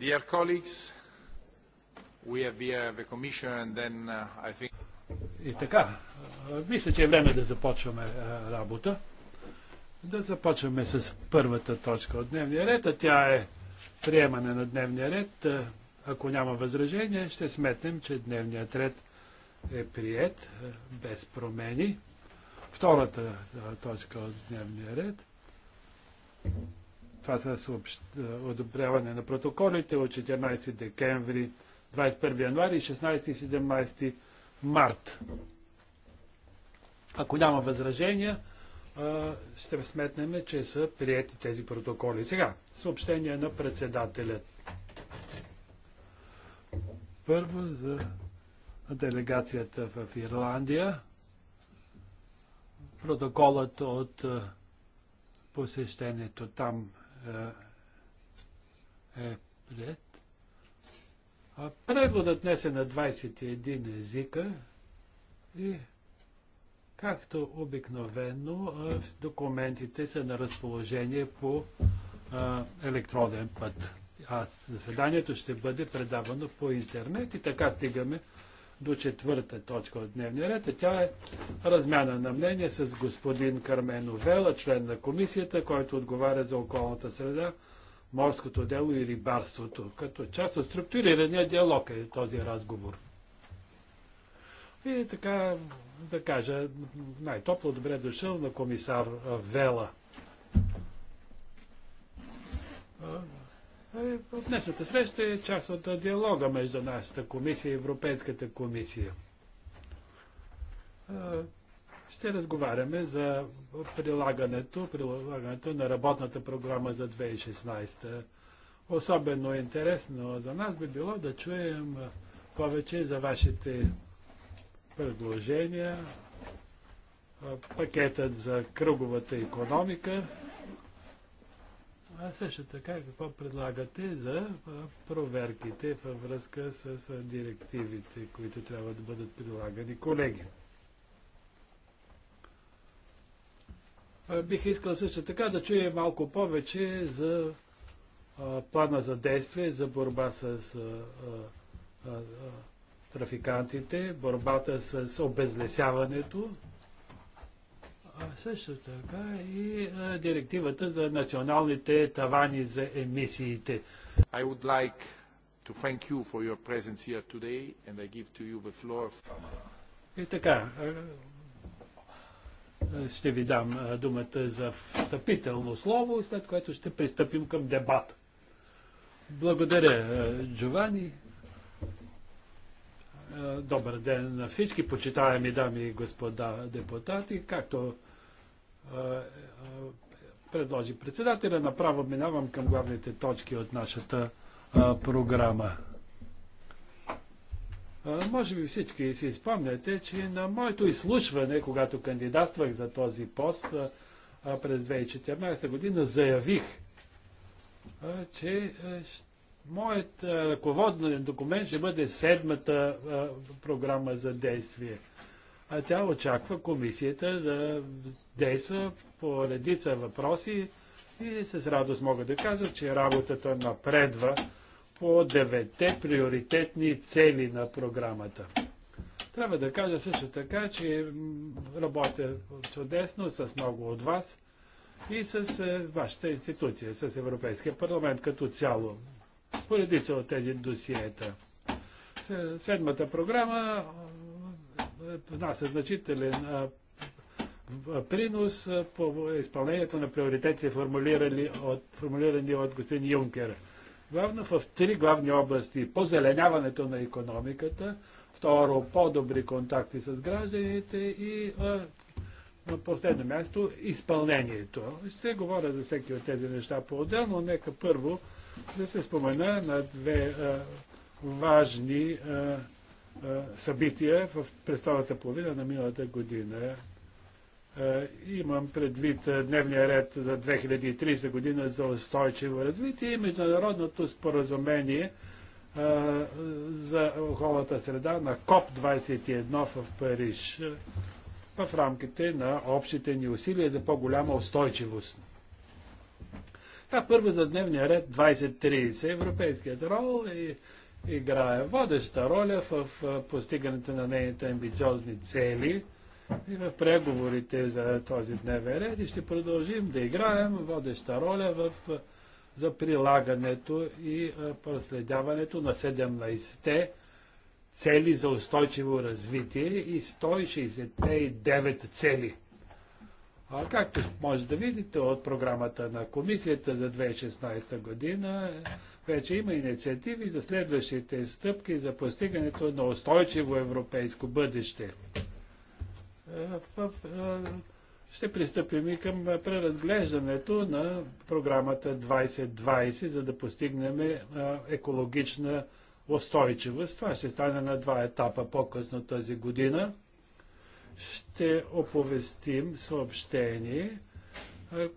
Dear colleagues, we have here the commission and then uh, I think... И така, мисля, че е време да започваме работа. Да започваме с първата точка от дневния ред, а тя е приемане на дневния ред. Ако няма възражение, ще сметнем, че дневният ред е прият без промени. Втората точка от дневния ред това са е, одобряване на протоколите от 14 декември, 21 януари, 16 и 17 март. Ако няма възражения, е, ще сметнем, че са приети тези протоколи. Сега, съобщение на председателя. Първо за делегацията в Ирландия. Протоколът от е, посещението там е, е пред. А преводът днес е на 21 езика и както обикновено документите са на разположение по а, електронен път. А заседанието ще бъде предавано по интернет и така стигаме до четвърта точка от дневния ред. А тя е размяна на мнение с господин Кармен Овела, член на комисията, който отговаря за околната среда, морското дело и рибарството. Като част от структурирания диалог е този разговор. И така, да кажа, най-топло добре дошъл на комисар Вела. Днешната среща е част от диалога между нашата комисия и Европейската комисия. Ще разговаряме за прилагането, прилагането на работната програма за 2016. Особено интересно за нас би било да чуем повече за вашите предложения, пакетът за кръговата економика, а също така, какво предлагате за проверките във връзка с директивите, които трябва да бъдат прилагани колеги? Бих искал също така да чуя малко повече за плана за действие, за борба с трафикантите, борбата с обезлесяването, а също така и а, директивата за националните тавани за емисиите. I would like to thank you for your presence here today and I give to you the floor. И така, ще ви дам думата за встъпително слово, след което ще пристъпим към дебата. Благодаря, Джовани. Добър ден на всички почитаеми дами и господа депутати. Както предложи председателя. Направо минавам към главните точки от нашата а, програма. А, може би всички си спомняте, че на моето изслушване, когато кандидатствах за този пост а, през 2014 година, заявих, а, че а, моят ръководен документ ще бъде седмата а, програма за действие – а тя очаква комисията да действа по редица въпроси и с радост мога да кажа, че работата напредва по девете приоритетни цели на програмата. Трябва да кажа също така, че работя чудесно с много от вас и с е, вашата институция, с Европейския парламент като цяло. Поредица от тези досиета. Седмата програма внася значителен принос по изпълнението на приоритетите, формулирани от, формулирани от господин Юнкер. Главно в три главни области. Позеленяването на економиката, второ, по-добри контакти с гражданите и на последно място изпълнението. Ще говоря за всеки от тези неща по-отделно. Нека първо да се спомена на две а, важни а, събития в, представата половина на миналата година. Имам предвид дневния ред за 2030 година за устойчиво развитие и международното споразумение за околната среда на КОП-21 в Париж в рамките на общите ни усилия за по-голяма устойчивост. Та първо за дневния ред 2030 европейският рол и е играе водеща роля в постигането на нейните амбициозни цели и в преговорите за този дневен ред и ще продължим да играем водеща роля в, за прилагането и проследяването на 17-те цели за устойчиво развитие и 169 цели. А както може да видите от програмата на комисията за 2016 година, вече има инициативи за следващите стъпки за постигането на устойчиво европейско бъдеще. Е, е, ще пристъпим и към преразглеждането на програмата 2020, за да постигнем е, екологична устойчивост. Това ще стане на два етапа по-късно тази година. Ще оповестим съобщение,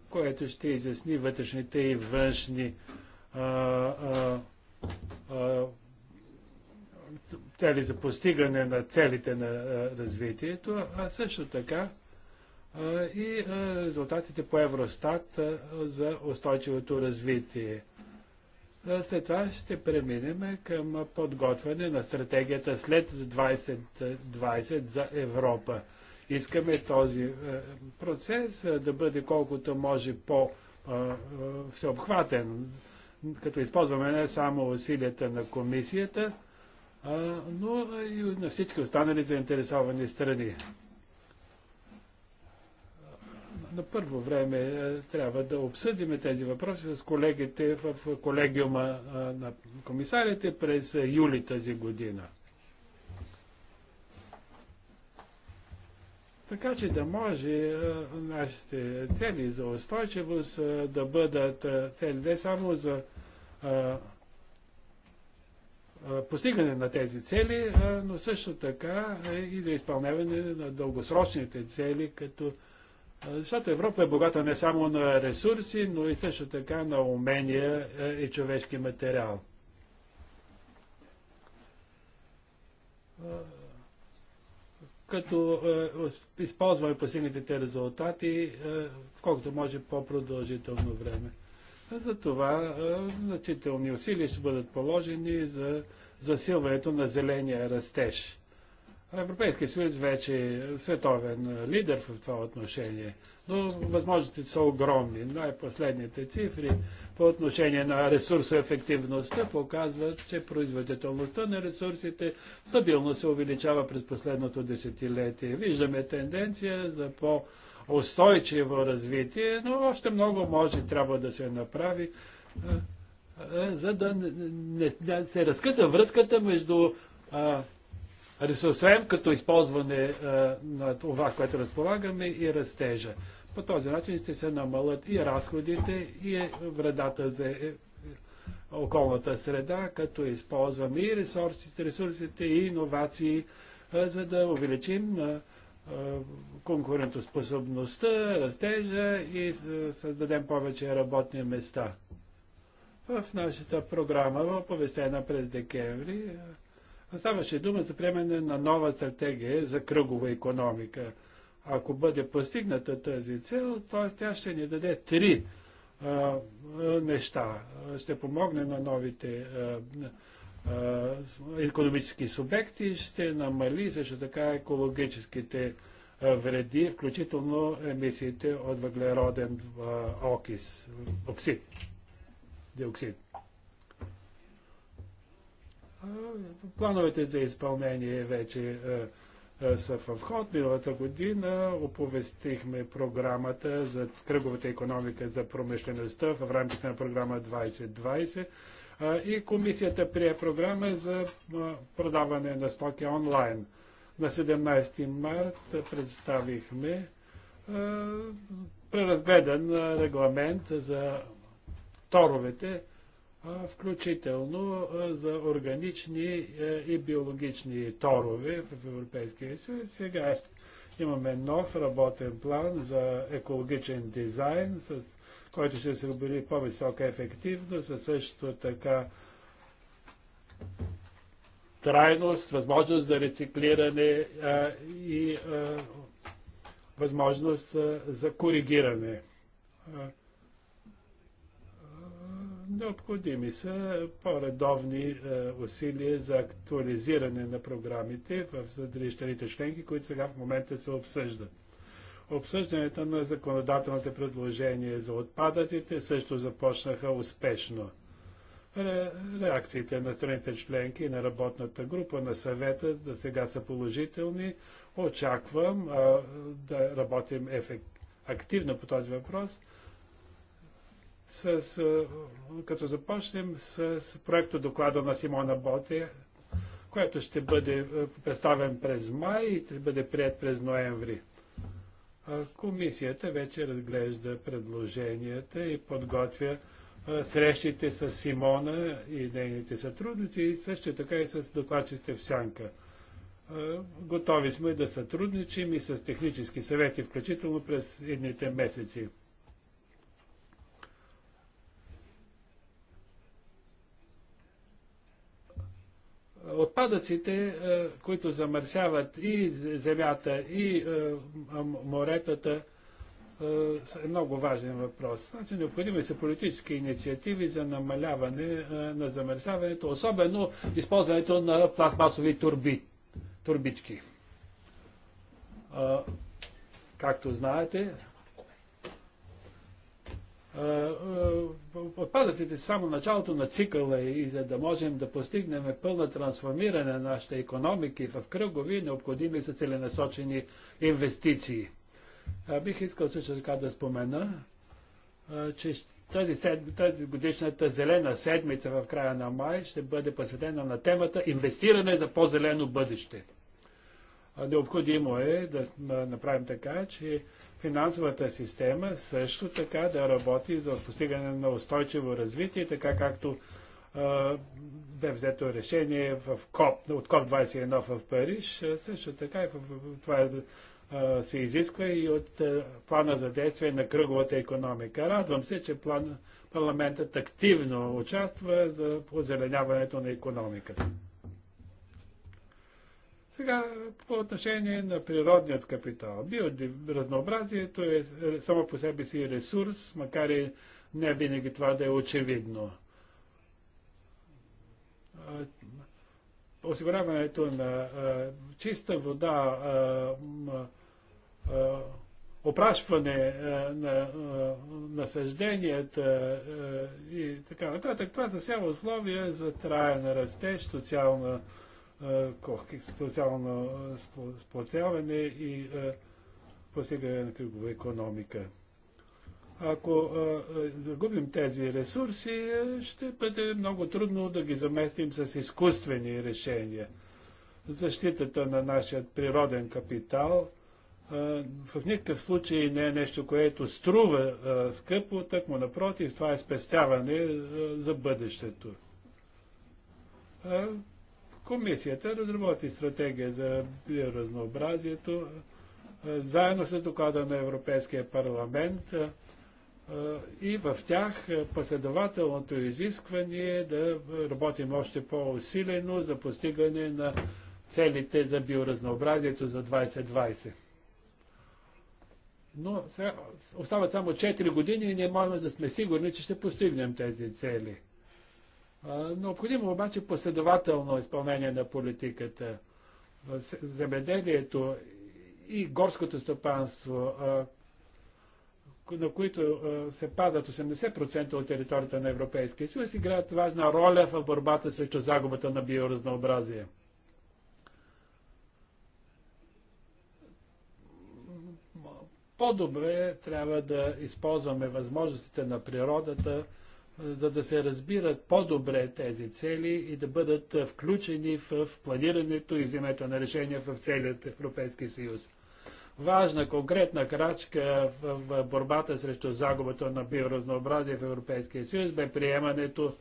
което ще изясни вътрешните и външни цели за постигане на целите на развитието, а също така и резултатите по Евростат за устойчивото развитие. След това ще преминем към подготвяне на стратегията след 2020 за Европа. Искаме този процес да бъде колкото може по-всеобхватен, като използваме не само усилията на комисията, а, но и на всички останали заинтересовани страни. На първо време е, трябва да обсъдим тези въпроси с колегите в колегиума е, на комисарите през юли тази година. Така че да може е, нашите цели за устойчивост да бъдат цели не само за постигане на тези цели, но също така и за изпълняване на дългосрочните цели, като защото Европа е богата не само на ресурси, но и също така на умения и човешки материал. Като използваме постигнатите резултати, колкото може по-продължително време. За това значителни усилия ще бъдат положени за засилването на зеления растеж. Европейския съюз вече е световен лидер в това отношение, но възможностите са огромни. Най-последните цифри по отношение на ресурсоефективността показват, че производителността на ресурсите стабилно се увеличава през последното десетилетие. Виждаме тенденция за по- устойчиво развитие, но още много може трябва да се направи, за да не, не се разкъса връзката между ресурсоем като използване на това, което разполагаме и растежа. По този начин ще се намалят и разходите, и е вредата за е, е, околната среда, като използваме и ресурсите, ресурсите и иновации, за да увеличим конкурентоспособността, растежа и създадем повече работни места. В нашата програма, оповестена през декември, ставаше дума за приемане на нова стратегия за кръгова економика. Ако бъде постигната тази цел, то тя ще ни даде три а, неща. Ще помогне на новите а, економически субекти, ще намали също така екологическите вреди, включително емисиите от въглероден окис, оксид, диоксид. Плановете за изпълнение вече са в ход. Миналата година оповестихме програмата за кръговата економика за промишлеността в рамките на програма 2020. И комисията прие програма за продаване на стоки онлайн. На 17 март представихме преразгледан регламент за торовете, включително за органични и биологични торове в Европейския съюз. Сега имаме нов работен план за екологичен дизайн с който ще се обели по-висока ефективност, а също така трайност, възможност за рециклиране а, и а, възможност а, за коригиране. А, необходими са по-редовни усилия за актуализиране на програмите в задрищаните членки, които сега в момента се обсъждат. Обсъждането на законодателните предложения за отпадъците също започнаха успешно. Ре, реакциите на страните членки и на работната група на съвета да сега са положителни. Очаквам а, да работим ефект, активно по този въпрос, с, а, като започнем с, с проекто доклада на Симона Боти, който ще бъде представен през май и ще бъде прият през ноември. Комисията вече разглежда предложенията и подготвя срещите с Симона и нейните сътрудници и също така и с докладчите в Сянка. Готови сме да сътрудничим и с технически съвети, включително през едните месеци. отпадъците, е, които замърсяват и земята, и е, моретата, е много важен въпрос. Значи, необходими са политически инициативи за намаляване е, на замърсяването, особено използването на пластмасови турби, турбички. Както знаете, Отпадъците са само началото на цикъла и за да можем да постигнем пълна трансформиране на нашите економики в кръгови, необходими са целенасочени инвестиции. Бих искал също така да спомена, че тази, сед... тази годишната зелена седмица в края на май ще бъде посветена на темата Инвестиране за по-зелено бъдеще. Необходимо е да направим така, че финансовата система също така да работи за постигане на устойчиво развитие, така както бе взето решение в КОП, от КОП-21 в Париж. Също така и в, това е, се изисква и от плана за действие на кръговата економика. Радвам се, че план, парламентът активно участва за озеленяването на економиката. Сега по отношение на природният капитал. Биоразнообразието е само по себе си е ресурс, макар и не винаги това да е очевидно. Осигуряването на чиста вода, опрашване на насъжденията и така нататък, това са сега условия за траен растеж, социална социално сплотяване и постигане на кръгова економика. Ако загубим тези ресурси, ще бъде много трудно да ги заместим с изкуствени решения. Защитата на нашия природен капитал в никакъв случай не е нещо, което струва скъпо, так му напротив, това е спестяване за бъдещето Комисията разработи стратегия за биоразнообразието заедно с доклада на Европейския парламент и в тях последователното изискване е да работим още по-усилено за постигане на целите за биоразнообразието за 2020. Но сега остават само 4 години и не можем да сме сигурни, че ще постигнем тези цели – Необходимо обаче последователно изпълнение на политиката. Земеделието и горското стопанство, на които се падат 80% от територията на Европейския съюз, играят важна роля в борбата срещу загубата на биоразнообразие. По-добре трябва да използваме възможностите на природата, за да се разбират по-добре тези цели и да бъдат включени в планирането и взимането на решения в целият Европейски съюз. Важна конкретна крачка в борбата срещу загубата на биоразнообразие в Европейския съюз бе приемането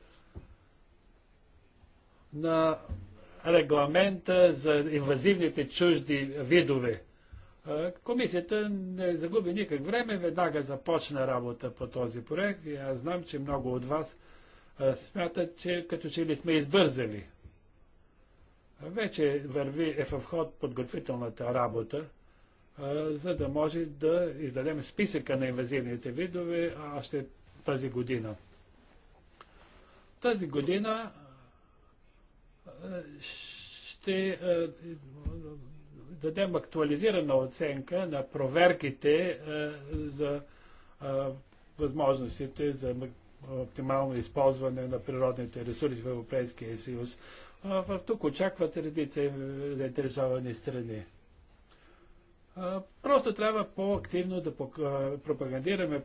на регламента за инвазивните чужди видове. Е, комисията не загуби никак време, веднага започна работа по този проект и аз знам, че много от вас е, смятат, че като че ли сме избързали. Вече върви е в ход подготвителната работа, е, за да може да издадем списъка на инвазивните видове още тази година. Тази година ще дадем актуализирана оценка на проверките е, за е, възможностите за оптимално използване на природните ресурси в Европейския съюз. тук очакват редица заинтересовани страни. просто трябва по-активно да пропагандираме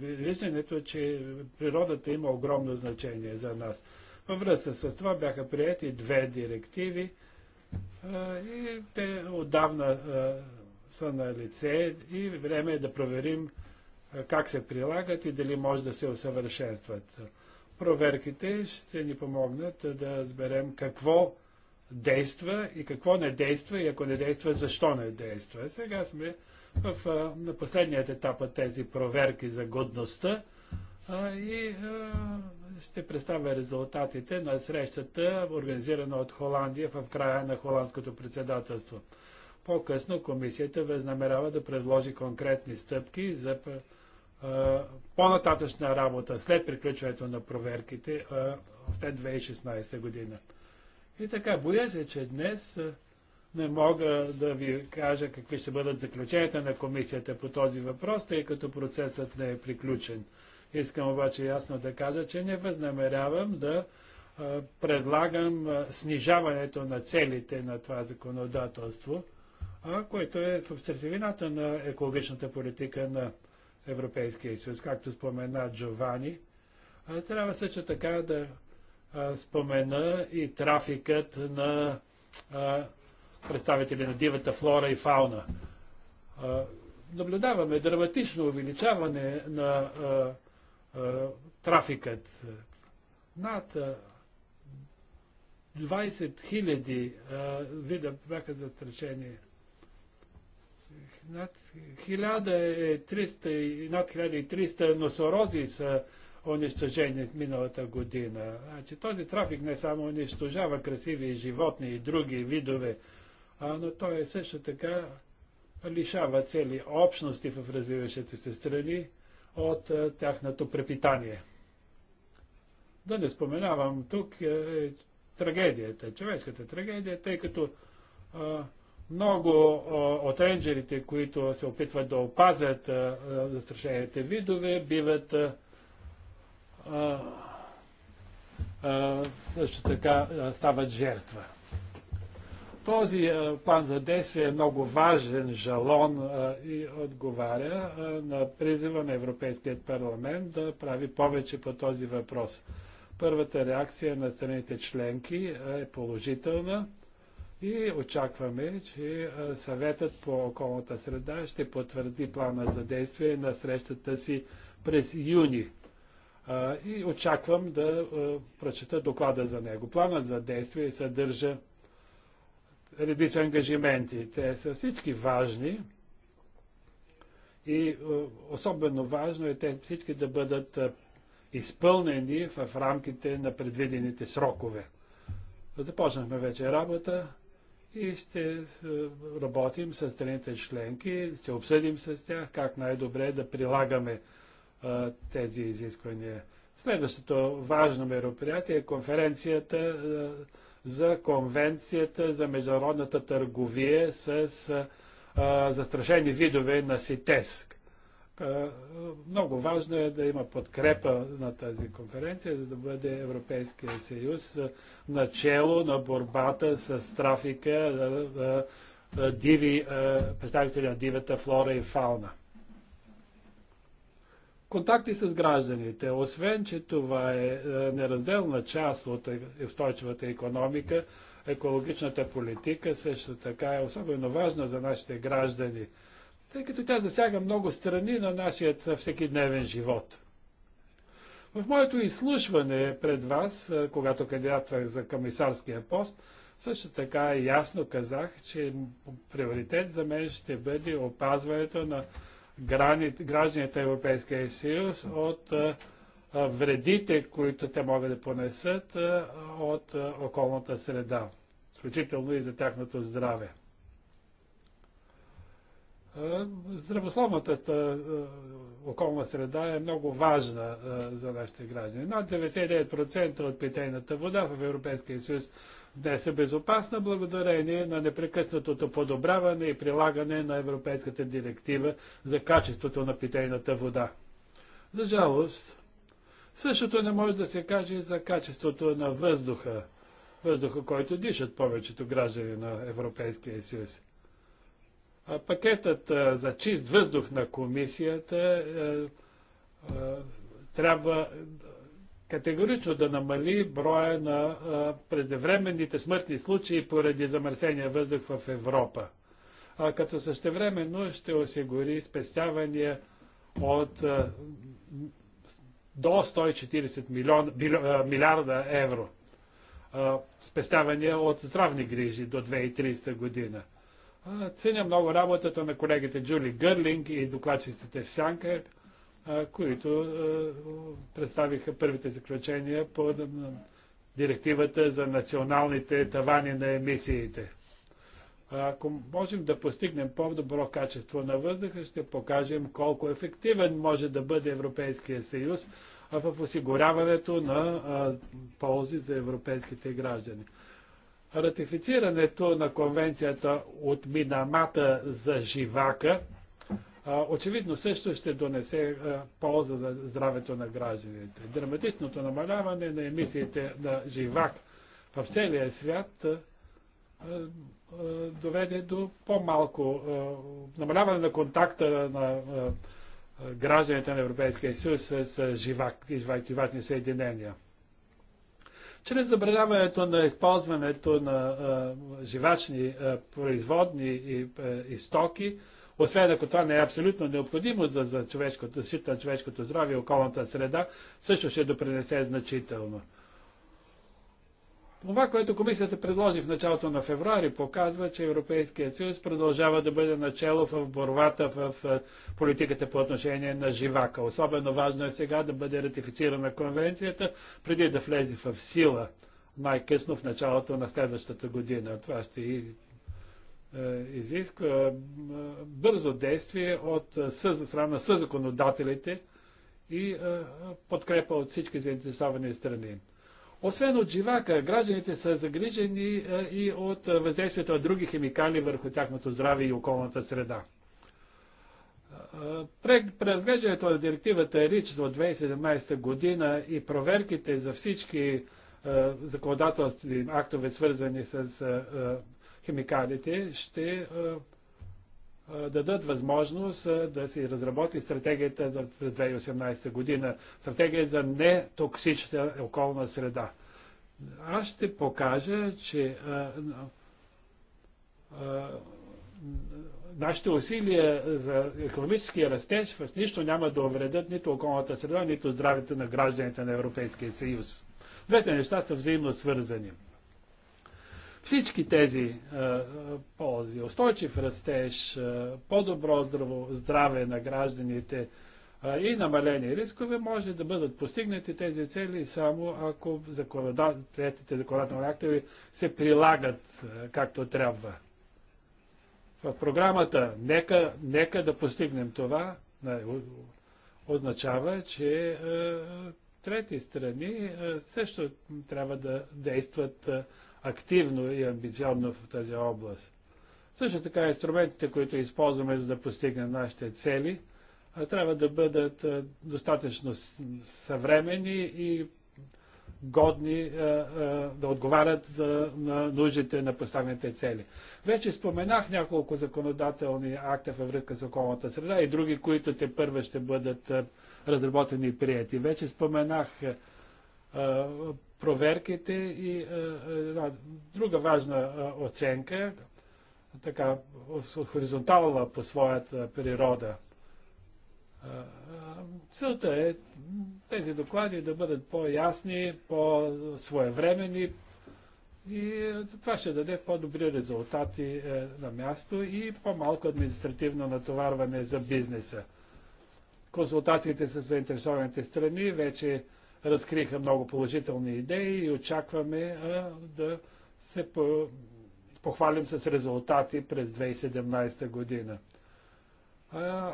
виждането, че природата има огромно значение за нас. Във връзка с това бяха прияти две директиви – и те отдавна са на лице и време е да проверим как се прилагат и дали може да се усъвършенстват. Проверките ще ни помогнат да разберем какво действа и какво не действа и ако не действа, защо не действа. Сега сме в, на последният етап от тези проверки за годността и ще представя резултатите на срещата, организирана от Холандия в края на холандското председателство. По-късно комисията възнамерява да предложи конкретни стъпки за по-нататъчна работа след приключването на проверките след 2016 година. И така, боя се, че днес не мога да ви кажа какви ще бъдат заключенията на комисията по този въпрос, тъй като процесът не е приключен. Искам обаче ясно да кажа, че не възнамерявам да предлагам снижаването на целите на това законодателство, което е в сърцевината на екологичната политика на Европейския съюз. Както спомена Джовани, трябва също така да спомена и трафикът на представители на дивата флора и фауна. Наблюдаваме драматично увеличаване на трафикът. Над 20 хиляди вида бяха застрашени. Над 1300, над 1300 носорози са унищожени миналата година. Значи, този трафик не само унищожава красиви животни и други видове, а, но той е също така лишава цели общности в развиващите се страни от е, тяхното препитание. Да не споменавам тук е, е трагедията, човешката трагедия, тъй като е, много е, от рейнджерите, които се опитват да опазят застрашените видове, биват също така стават жертва. Този е, план за действие е много важен жалон е, и отговаря е, на призива на Европейският парламент да прави повече по този въпрос. Първата реакция на страните членки е положителна и очакваме, че съветът по околната среда ще потвърди плана за действие на срещата си през юни. И очаквам да прочета доклада за него. Планът за действие съдържа редица ангажименти. Те са всички важни и е, особено важно е те всички да бъдат е, изпълнени в рамките на предвидените срокове. Започнахме вече работа и ще е, работим с страните членки, ще обсъдим с тях как най-добре да прилагаме тези изисквания. Следващото важно мероприятие е конференцията за Конвенцията за международната търговия с а, застрашени видове на СИТЕС. много важно е да има подкрепа на тази конференция, за да бъде Европейския съюз начало на борбата с трафика а, диви, представители на дивата флора и фауна контакти с гражданите. Освен, че това е, е неразделна част от е, устойчивата економика, екологичната политика също така е особено важна за нашите граждани, тъй като тя засяга много страни на нашия всекидневен живот. В моето изслушване пред вас, е, когато кандидатвах за комисарския пост, също така ясно казах, че приоритет за мен ще бъде опазването на гражданите Европейския съюз от вредите, които те могат да понесат от околната среда, включително и за тяхното здраве. Е, здравословната е, околна среда е много важна е, за нашите граждани. Над 99% от питейната вода в Европейския съюз днес е безопасна благодарение на непрекъснатото подобряване и прилагане на Европейската директива за качеството на питейната вода. За жалост, същото не може да се каже за качеството на въздуха, въздуха, който дишат повечето граждани на Европейския съюз. Пакетът за чист въздух на комисията трябва категорично да намали броя на предвременните смъртни случаи поради замърсения въздух в Европа, като същевременно ще осигури спестявания от до 140 милион, милиарда евро спестявания от здравни грижи до 2030 година. Ценя много работата на колегите Джули Гърлинг и докладчиците в Сянка, които представиха първите заключения по директивата за националните тавани на емисиите. Ако можем да постигнем по-добро качество на въздуха, ще покажем колко ефективен може да бъде Европейския съюз в осигуряването на ползи за европейските граждани. Ратифицирането на конвенцията от Минамата за живака очевидно също ще донесе полза за здравето на гражданите. Драматичното намаляване на емисиите на живак в целия свят доведе до по-малко намаляване на контакта на гражданите на Европейския съюз с живак и живачни съединения. Чрез забраняването на използването на а, живачни а, производни и, а, и стоки, освен ако това не е абсолютно необходимо за, за човешкото, защита на човешкото здраве и околната среда, също ще допринесе значително. Това, което комисията предложи в началото на февруари, показва, че Европейският съюз продължава да бъде начало в борбата в политиката по отношение на живака. Особено важно е сега да бъде ратифицирана конвенцията, преди да влезе в сила най-късно в началото на следващата година. Това ще и, е, изисква е, бързо действие от е, страна с съзаконодателите и подкрепа от всички заинтересовани страни. Освен от живака, гражданите са загрижени е, и от е, въздействието на други химикали върху тяхното здраве и околната среда. Е, преразглеждането на директивата РИЧ за 2017 година и проверките за всички законодателствени актове, свързани с химикалите, ще дадат възможност да се разработи стратегията за 2018 година, стратегия за нетоксична околна среда. Аз ще покажа, че нашите усилия за економическия растеж в нищо няма да увредят нито околната среда, нито здравето на гражданите на Европейския съюз. Двете неща са взаимно свързани. Всички тези а, е, е, ползи, устойчив растеж, е, по-добро здраве на гражданите а, и намалени рискове, може да бъдат постигнати тези цели само ако законодателите законодателни актове се прилагат а, както трябва. В програмата нека, нека да постигнем това означава, че а, трети страни а, също трябва да действат А, активно и амбициозно в тази област. Също така инструментите, които използваме за да постигнем нашите цели, трябва да бъдат достатъчно съвремени и годни да отговарят на нуждите на поставените цели. Вече споменах няколко законодателни акта във връзка с околната среда и други, които те първа ще бъдат разработени и прияти. Вече споменах проверките и е, е, една друга важна е, оценка, така хоризонтална по своята природа. Целта е тези доклади да бъдат по-ясни, по-своевремени и това ще даде по-добри резултати на място и по-малко административно натоварване за бизнеса. Консултациите с заинтересованите страни вече разкриха много положителни идеи и очакваме а, да се по, похвалим с резултати през 2017 година. А,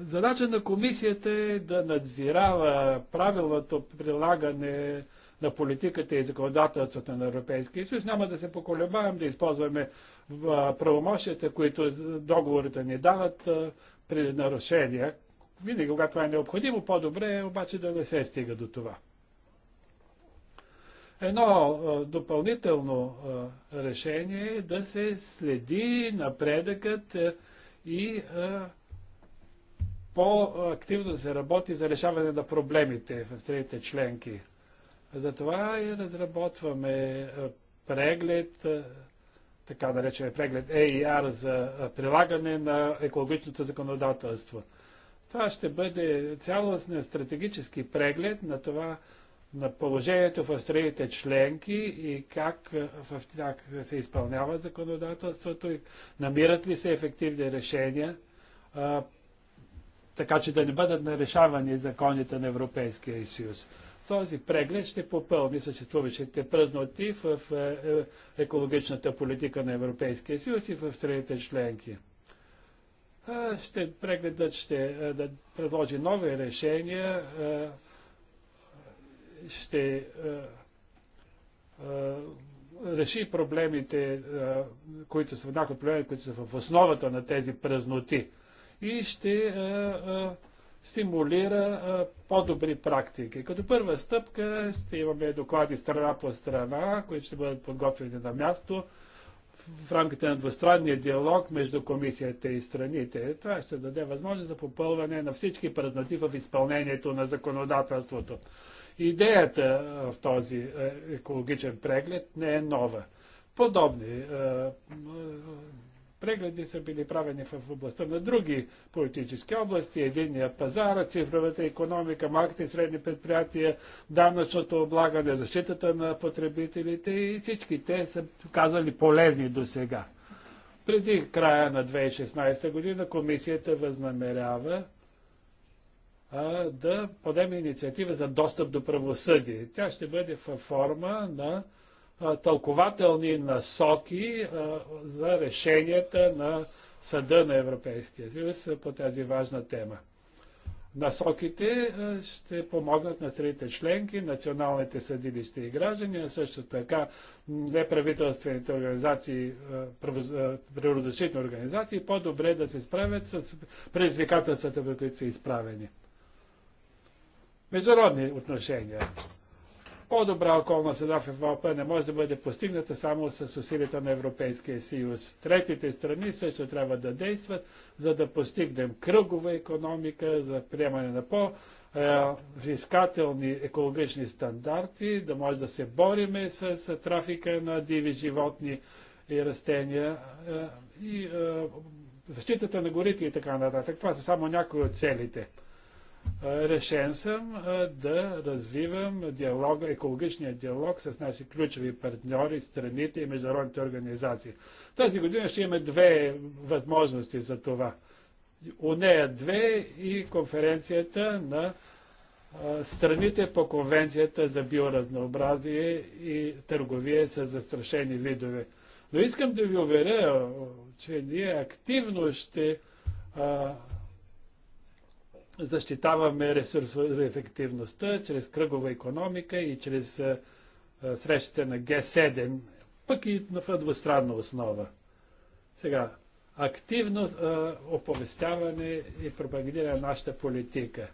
задача на комисията е да надзирава правилното прилагане на политиката и законодателството на Европейския съюз. Няма да се поколебаем да използваме правомощията, които договорите ни дават при нарушения, винаги, когато това е необходимо, по-добре е обаче да не се стига до това. Едно допълнително решение е да се следи напредъкът и по-активно да се работи за решаване на проблемите в трите членки. Затова и разработваме преглед, така наречен да преглед EIR за прилагане на екологичното законодателство. Това ще бъде цялостен стратегически преглед на това, на положението в страните членки и как в тях се изпълнява законодателството и намират ли се ефективни решения, а, така че да не бъдат нарешавани законите на Европейския съюз. Този преглед ще попълни съществуващите празноти в е, е, екологичната политика на Европейския съюз и в страните членки ще прегледът ще да предложи нови решения, ще реши проблемите, които са някои проблеми, които са в основата на тези празноти и ще стимулира по-добри практики. Като първа стъпка ще имаме доклади страна по страна, които ще бъдат подготвени на място в рамките на двустранния диалог между комисията и страните. Това ще даде възможност за попълване на всички празноти в изпълнението на законодателството. Идеята в този е, екологичен преглед не е нова. Подобни е, е, прегледи са били правени в областта на други политически области, единия пазар, цифровата економика, малките и средни предприятия, данъчното облагане, защитата на потребителите и всички те са казали полезни до сега. Преди края на 2016 година комисията възнамерява а, да подеме инициатива за достъп до правосъдие. Тя ще бъде във форма на тълкователни насоки за решенията на Съда на Европейския съюз по тази важна тема. Насоките ще помогнат на страните членки, националните съдилища и граждани, а също така неправителствените организации, природозащитни организации, по-добре да се справят с предизвикателствата, при които са изправени. Международни отношения. По-добра околна среда в Европа не може да бъде постигната само с усилията на Европейския съюз. Третите страни също трябва да действат, за да постигнем кръгова економика, за приемане на по- взискателни екологични стандарти, да може да се бориме с, трафика на диви животни и растения и защитата на горите и така нататък. Това са само някои от целите решен съм да развивам диалога, екологичния диалог с наши ключови партньори, страните и международните организации. Тази година ще имаме две възможности за това. нея две и конференцията на страните по конвенцията за биоразнообразие и търговия с застрашени видове. Но искам да ви уверя, че ние активно ще защитаваме ефективността чрез кръгова економика и чрез срещите на Г7, пък и на двустранна основа. Сега, активно оповестяване и пропагандиране на нашата политика.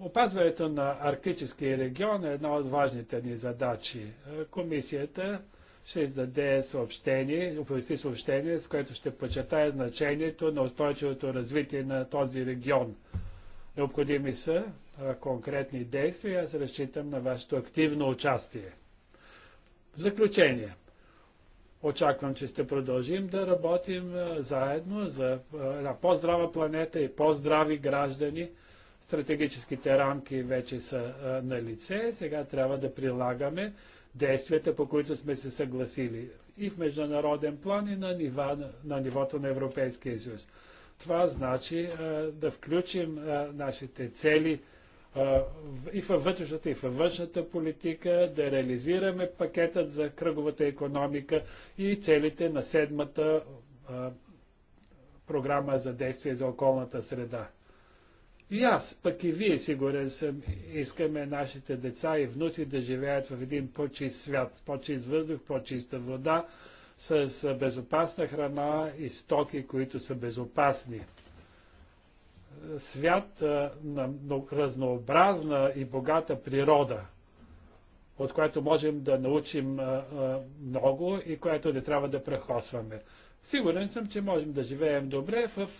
Опазването на арктическия регион е една от важните ни задачи. Комисията ще издаде съобщение, оповести съобщение, с което ще подчертая значението на устойчивото развитие на този регион. Необходими са конкретни действия и аз разчитам на вашето активно участие. В заключение, очаквам, че ще продължим да работим заедно за една по-здрава планета и по-здрави граждани. Стратегическите рамки вече са на лице. Сега трябва да прилагаме действията, по които сме се съгласили и в международен план, и на, нива, на, на нивото на Европейския съюз. Това значи а, да включим а, нашите цели а, и във вътрешната, и във външната политика, да реализираме пакетът за кръговата економика и целите на седмата а, програма за действие за околната среда. И аз, пък и вие, сигурен съм, искаме нашите деца и внуци да живеят в един по-чист свят, по-чист въздух, по-чиста вода, с безопасна храна и стоки, които са безопасни. Свят на разнообразна и богата природа, от която можем да научим много и която не трябва да прехосваме. Сигурен съм, че можем да живеем добре в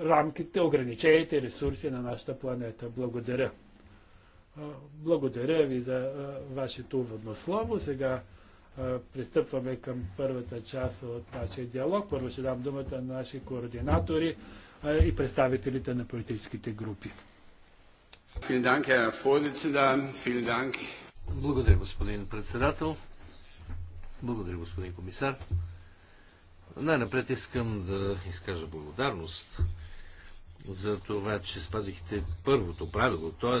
рамките, ограничените ресурси на нашата планета. Благодаря. Благодаря ви за вашето уводно слово. Сега пристъпваме към първата част от нашия диалог. Първо ще дам думата на наши координатори и представителите на политическите групи. Благодаря, господин председател. Благодаря, господин комисар. Най-напред искам да изкажа благодарност за това, че спазихте първото правило, т.е.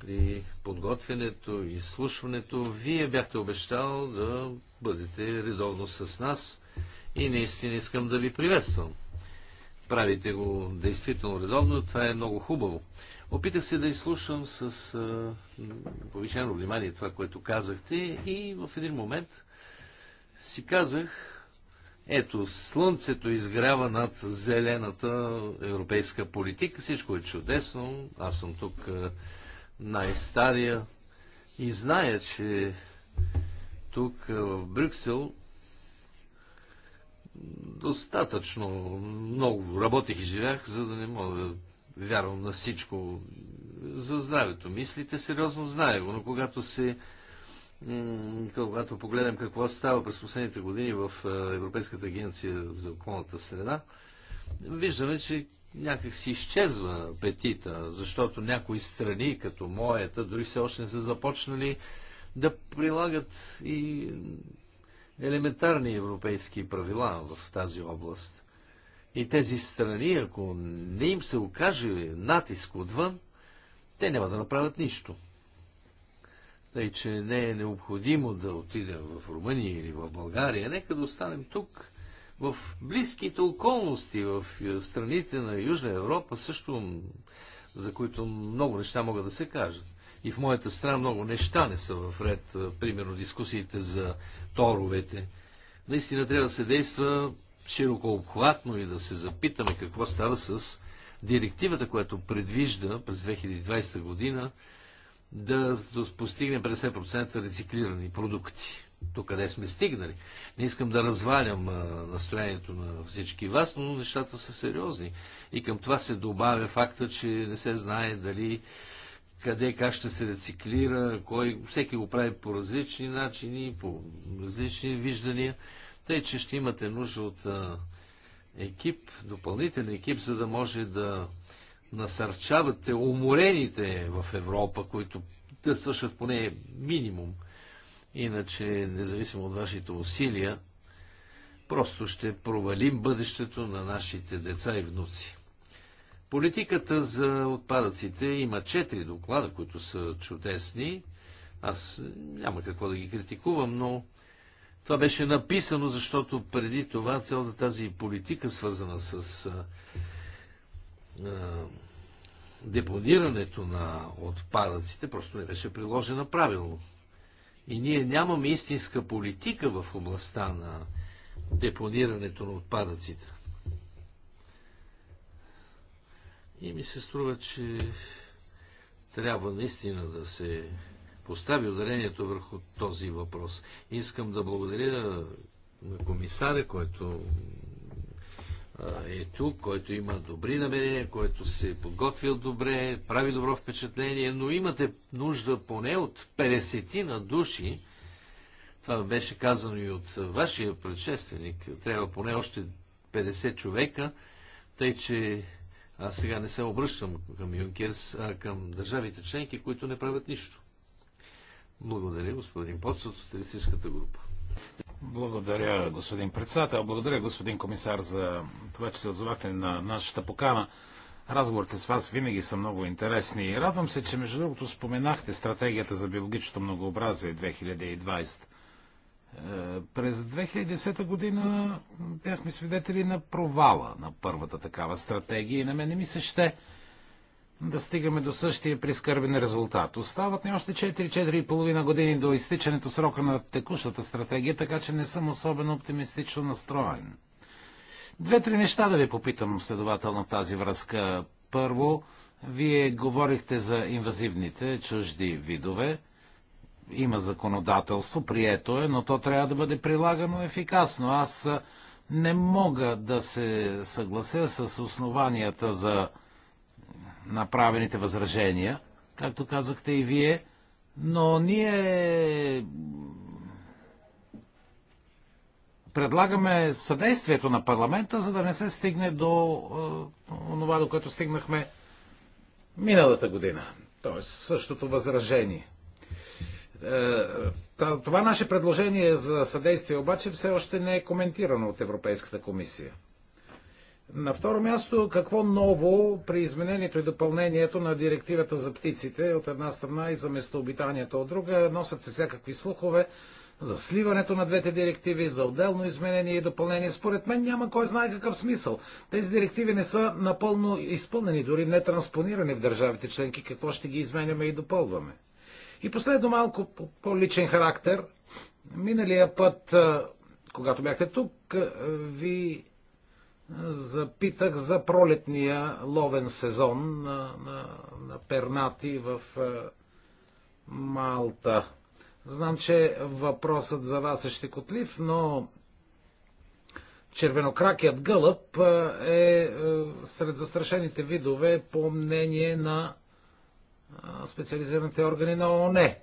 при подготвянето и слушването, вие бяхте обещал да бъдете редовно с нас и наистина искам да ви приветствам. Правите го действително редовно, това е много хубаво. Опитах се да изслушам с а, повишено внимание това, което казахте и в един момент си казах, ето, слънцето изгрява над зелената европейска политика. Всичко е чудесно. Аз съм тук е, най-стария и зная, че тук е, в Брюксел достатъчно много работих и живях, за да не мога да вярвам на всичко. За здравето мислите сериозно, знае го, но когато се когато погледнем какво става през последните години в е, Европейската агенция за околната среда, виждаме, че някак си изчезва апетита, защото някои страни, като моята, дори все още не са започнали да прилагат и елементарни европейски правила в тази област. И тези страни, ако не им се окаже натиск отвън, те няма да направят нищо. Тъй, че не е необходимо да отидем в Румъния или в България. Нека да останем тук, в близките околности, в страните на Южна Европа, също за които много неща могат да се кажат. И в моята страна много неща не са в ред. Примерно дискусиите за торовете. Наистина трябва да се действа широко обхватно и да се запитаме какво става с директивата, която предвижда през 2020 година да постигнем 50% рециклирани продукти. Тук къде сме стигнали. Не искам да развалям настроението на всички вас, но нещата са сериозни. И към това се добавя факта, че не се знае дали къде, как ще се рециклира, кой, всеки го прави по различни начини, по различни виждания. Тъй, че ще имате нужда от екип, допълнителен екип, за да може да насърчавате уморените в Европа, които да свършат поне минимум. Иначе, независимо от вашите усилия, просто ще провалим бъдещето на нашите деца и внуци. Политиката за отпадъците има четири доклада, които са чудесни. Аз няма какво да ги критикувам, но това беше написано, защото преди това цялата тази политика, свързана с е, депонирането на отпадъците просто не беше приложена правилно. И ние нямаме истинска политика в областта на депонирането на отпадъците. И ми се струва, че трябва наистина да се постави ударението върху този въпрос. Искам да благодаря на комисаря, който е тук, който има добри намерения, който се е подготвил добре, прави добро впечатление, но имате нужда поне от 50 на души, това беше казано и от вашия предшественик, трябва поне още 50 човека, тъй че аз сега не се обръщам към Юнкерс, а към държавите членки, които не правят нищо. Благодаря, господин Подсот, социалистическата група. Благодаря, господин председател. Благодаря, господин комисар, за това, че се отзовахте на нашата покана. Разговорите с вас винаги са много интересни. И радвам се, че между другото споменахте стратегията за биологичното многообразие 2020. Е, през 2010 година бяхме свидетели на провала на първата такава стратегия и на мен не ми се ще да стигаме до същия прискърбен резултат. Остават ни още 4-4,5 години до изтичането срока на текущата стратегия, така че не съм особено оптимистично настроен. Две-три неща да ви попитам следователно в тази връзка. Първо, вие говорихте за инвазивните чужди видове. Има законодателство, прието е, но то трябва да бъде прилагано ефикасно. Аз не мога да се съглася с основанията за направените възражения, както казахте и вие, но ние предлагаме съдействието на парламента, за да не се стигне до това, е, до което стигнахме миналата година. Тоест същото възражение. Е, това наше предложение за съдействие обаче все още не е коментирано от Европейската комисия. На второ място, какво ново при изменението и допълнението на директивата за птиците от една страна и за местообитанията от друга? Носят се всякакви слухове за сливането на двете директиви, за отделно изменение и допълнение. Според мен няма кой знае какъв смисъл. Тези директиви не са напълно изпълнени, дори не транспонирани в държавите членки. Какво ще ги изменяме и допълваме? И последно малко по-личен характер. Миналия път, когато бяхте тук, ви запитах за пролетния ловен сезон на, на, на пернати в е, Малта. Знам, че въпросът за вас е щекотлив, но червенокракият гълъб е, е, е сред застрашените видове по мнение на специализираните органи на ООН.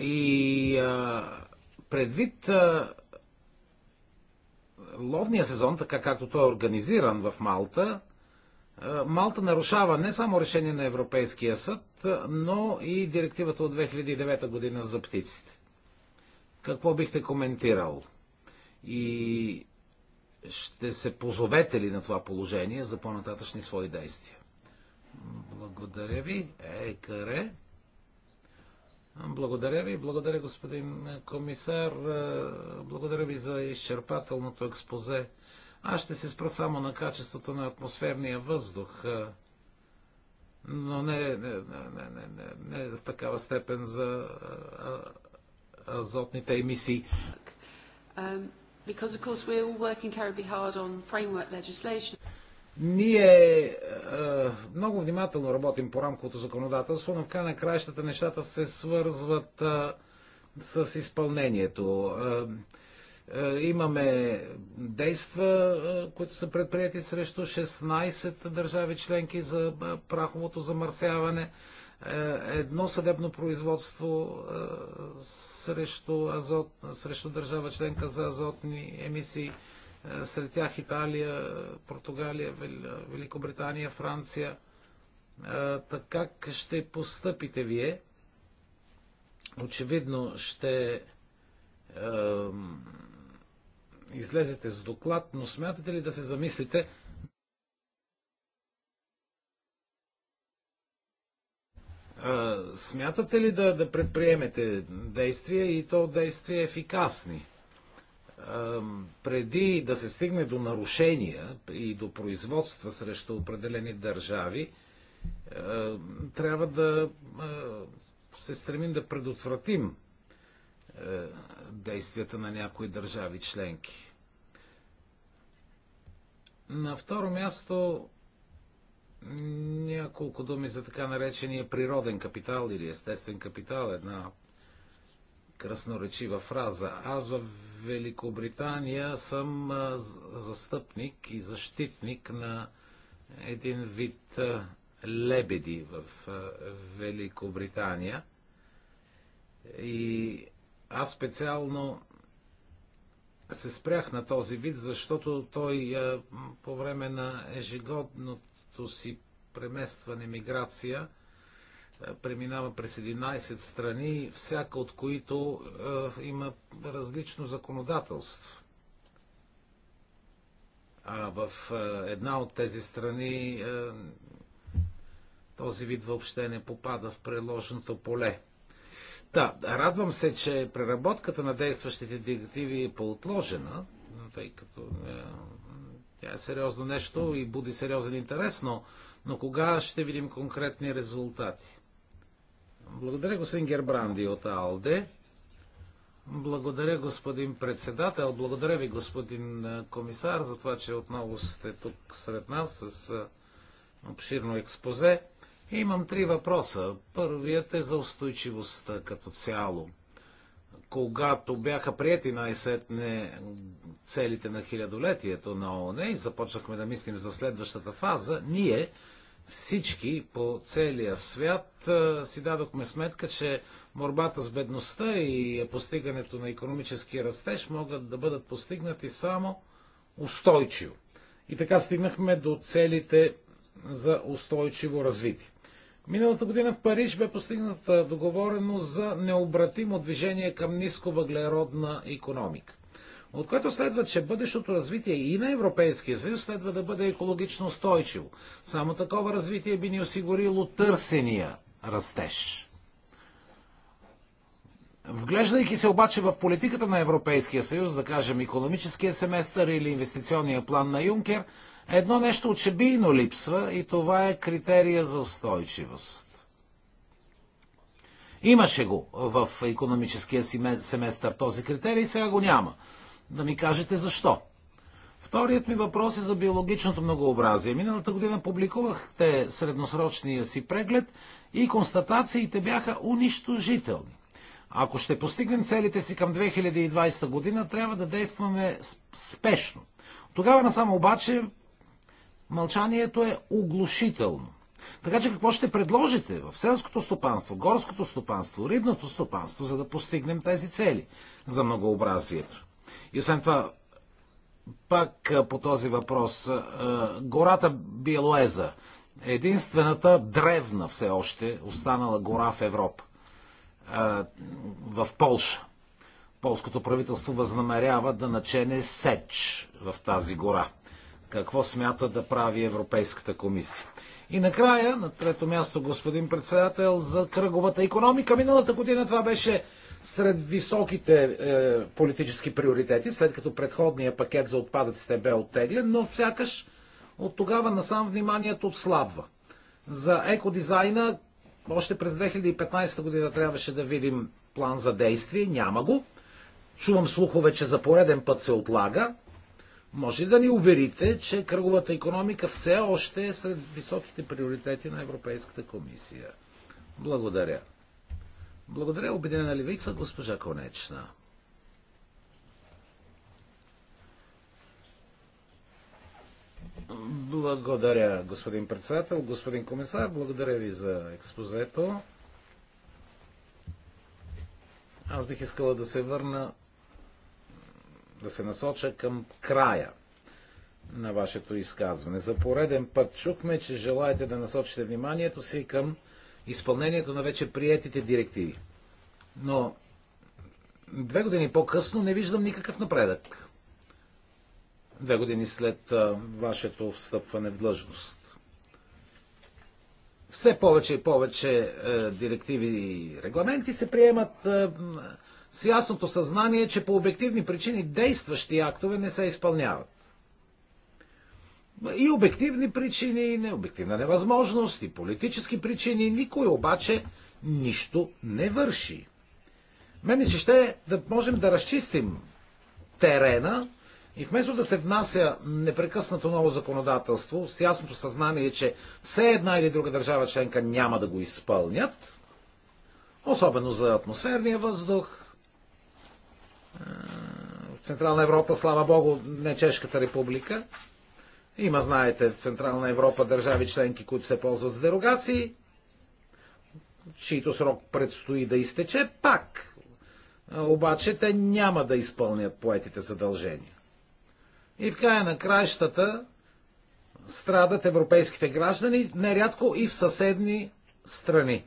И предвид а, ловния сезон, така както той е организиран в Малта, е, Малта нарушава не само решение на Европейския съд, но и директивата от 2009 година за птиците. Какво бихте коментирал? И ще се позовете ли на това положение за по-нататъчни свои действия? Благодаря ви. Екаре. Благодаря ви, благодаря господин комисар, благодаря ви за изчерпателното експозе. Аз ще се спра само на качеството на атмосферния въздух, но не, не, не, не, не, не не в такава степен за азотните емисии. Um, because of course we're all working terribly hard on framework legislation. Ние е, много внимателно работим по рамковото законодателство, но в край на краищата нещата се свързват е, с изпълнението. Е, имаме действа, които са предприяти срещу 16 държави членки за праховото замърсяване, едно съдебно производство срещу, азот, срещу държава членка за азотни емисии. Е, сред тях Италия, Португалия, Великобритания, Франция. Е, така ще постъпите вие? Очевидно ще излезете с доклад, но смятате ли да се замислите е, смятате ли да, да предприемете действия и то действия ефикасни? преди да се стигне до нарушения и до производства срещу определени държави, трябва да се стремим да предотвратим действията на някои държави членки. На второ място няколко думи за така наречения природен капитал или естествен капитал, една красноречива фраза. Аз в Великобритания съм застъпник и защитник на един вид лебеди в Великобритания. И аз специално се спрях на този вид, защото той по време на ежегодното си преместване, миграция, преминава през 11 страни, всяка от които е, има различно законодателство. А в е, една от тези страни е, този вид въобще не попада в преложното поле. Да, радвам се, че преработката на действащите директиви е поотложена, тъй като е, тя е сериозно нещо и буди сериозен интерес, но, но кога ще видим конкретни резултати? Благодаря, господин Гербранди от АЛДЕ. Благодаря, господин председател. Благодаря ви, господин комисар, за това, че отново сте тук сред нас с обширно експозе. Имам три въпроса. Първият е за устойчивостта като цяло. Когато бяха прияти най-сетне целите на хилядолетието на ООН и започнахме да мислим за следващата фаза, ние всички по целия свят си дадохме сметка, че борбата с бедността и постигането на економически растеж могат да бъдат постигнати само устойчиво. И така стигнахме до целите за устойчиво развитие. Миналата година в Париж бе постигната договореност за необратимо движение към нисковъглеродна економика от което следва, че бъдещото развитие и на Европейския съюз следва да бъде екологично устойчиво. Само такова развитие би ни осигурило търсения растеж. Вглеждайки се обаче в политиката на Европейския съюз, да кажем економическия семестър или инвестиционния план на Юнкер, едно нещо очебийно липсва и това е критерия за устойчивост. Имаше го в економическия семестър този критерий, сега го няма. Да ми кажете защо. Вторият ми въпрос е за биологичното многообразие. Миналата година публикувахте средносрочния си преглед и констатациите бяха унищожителни. Ако ще постигнем целите си към 2020 година, трябва да действаме спешно. Тогава насам обаче мълчанието е оглушително. Така че какво ще предложите в селското стопанство, горското стопанство, рибното стопанство, за да постигнем тези цели за многообразието? И освен това, пак по този въпрос, гората Биелуеза е единствената древна все още останала гора в Европа, в Полша. Полското правителство възнамерява да начене сеч в тази гора. Какво смята да прави Европейската комисия? И накрая, на трето място, господин председател, за кръговата економика. Миналата година това беше сред високите е, политически приоритети, след като предходният пакет за отпадъците бе оттеглен, но сякаш от тогава насам вниманието отслабва. За екодизайна още през 2015 година трябваше да видим план за действие, няма го. Чувам слухове, че за пореден път се отлага. Може ли да ни уверите, че кръговата економика все още е сред високите приоритети на Европейската комисия? Благодаря. Благодаря, Обединена левица, госпожа Конечна. Благодаря, господин председател, господин комисар. Благодаря ви за експозето. Аз бих искала да се върна, да се насоча към края на вашето изказване. За пореден път чухме, че желаете да насочите вниманието си към изпълнението на вече приетите директиви. Но две години по-късно не виждам никакъв напредък. Две години след вашето встъпване в длъжност. Все повече и повече е, директиви и регламенти се приемат е, с ясното съзнание, че по обективни причини действащи актове не се изпълняват. И обективни причини, и необективна невъзможност, и политически причини. Никой обаче нищо не върши. Мене че се ще да можем да разчистим терена и вместо да се внася непрекъснато ново законодателство с ясното съзнание, че все една или друга държава членка няма да го изпълнят, особено за атмосферния въздух, в Централна Европа, слава Богу, не Чешката република, има, знаете, в Централна Европа държави членки, които се ползват с дерогации, чието срок предстои да изтече пак. Обаче те няма да изпълнят поетите задължения. И в края на краищата страдат европейските граждани, нерядко и в съседни страни.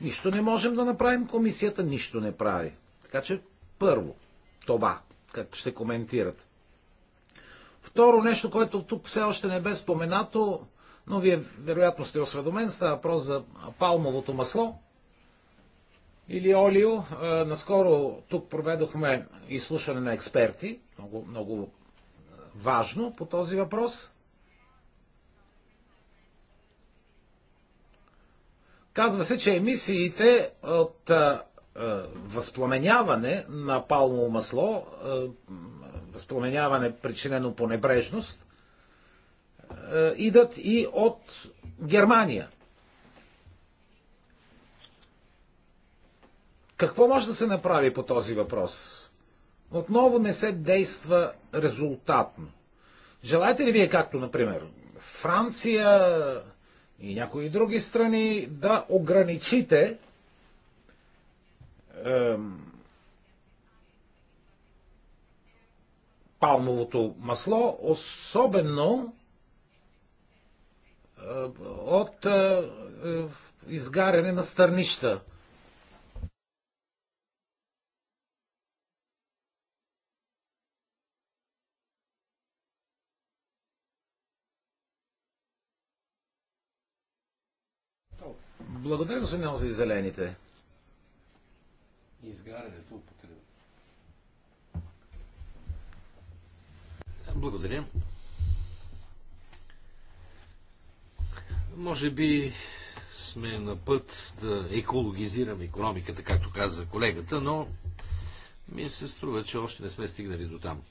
Нищо не можем да направим, комисията нищо не прави. Така че първо това, как ще коментират. Второ нещо, което тук все още не бе споменато, но вие вероятно сте осведомен, става въпрос за палмовото масло или олио. Е, наскоро тук проведохме изслушане на експерти, много, много е, важно по този въпрос. Казва се, че емисиите от е, възпламеняване на палмово масло споменяване, причинено по небрежност, е, идат и от Германия. Какво може да се направи по този въпрос? Отново не се действа резултатно. Желаете ли вие, както, например, Франция и някои други страни, да ограничите палмовото масло, особено е, от е, е, изгаряне на стърнища. Благодаря, господин за и зелените. Изгарянето по Благодаря. Може би сме на път да екологизираме економиката, както каза колегата, но ми се струва, че още не сме стигнали до там.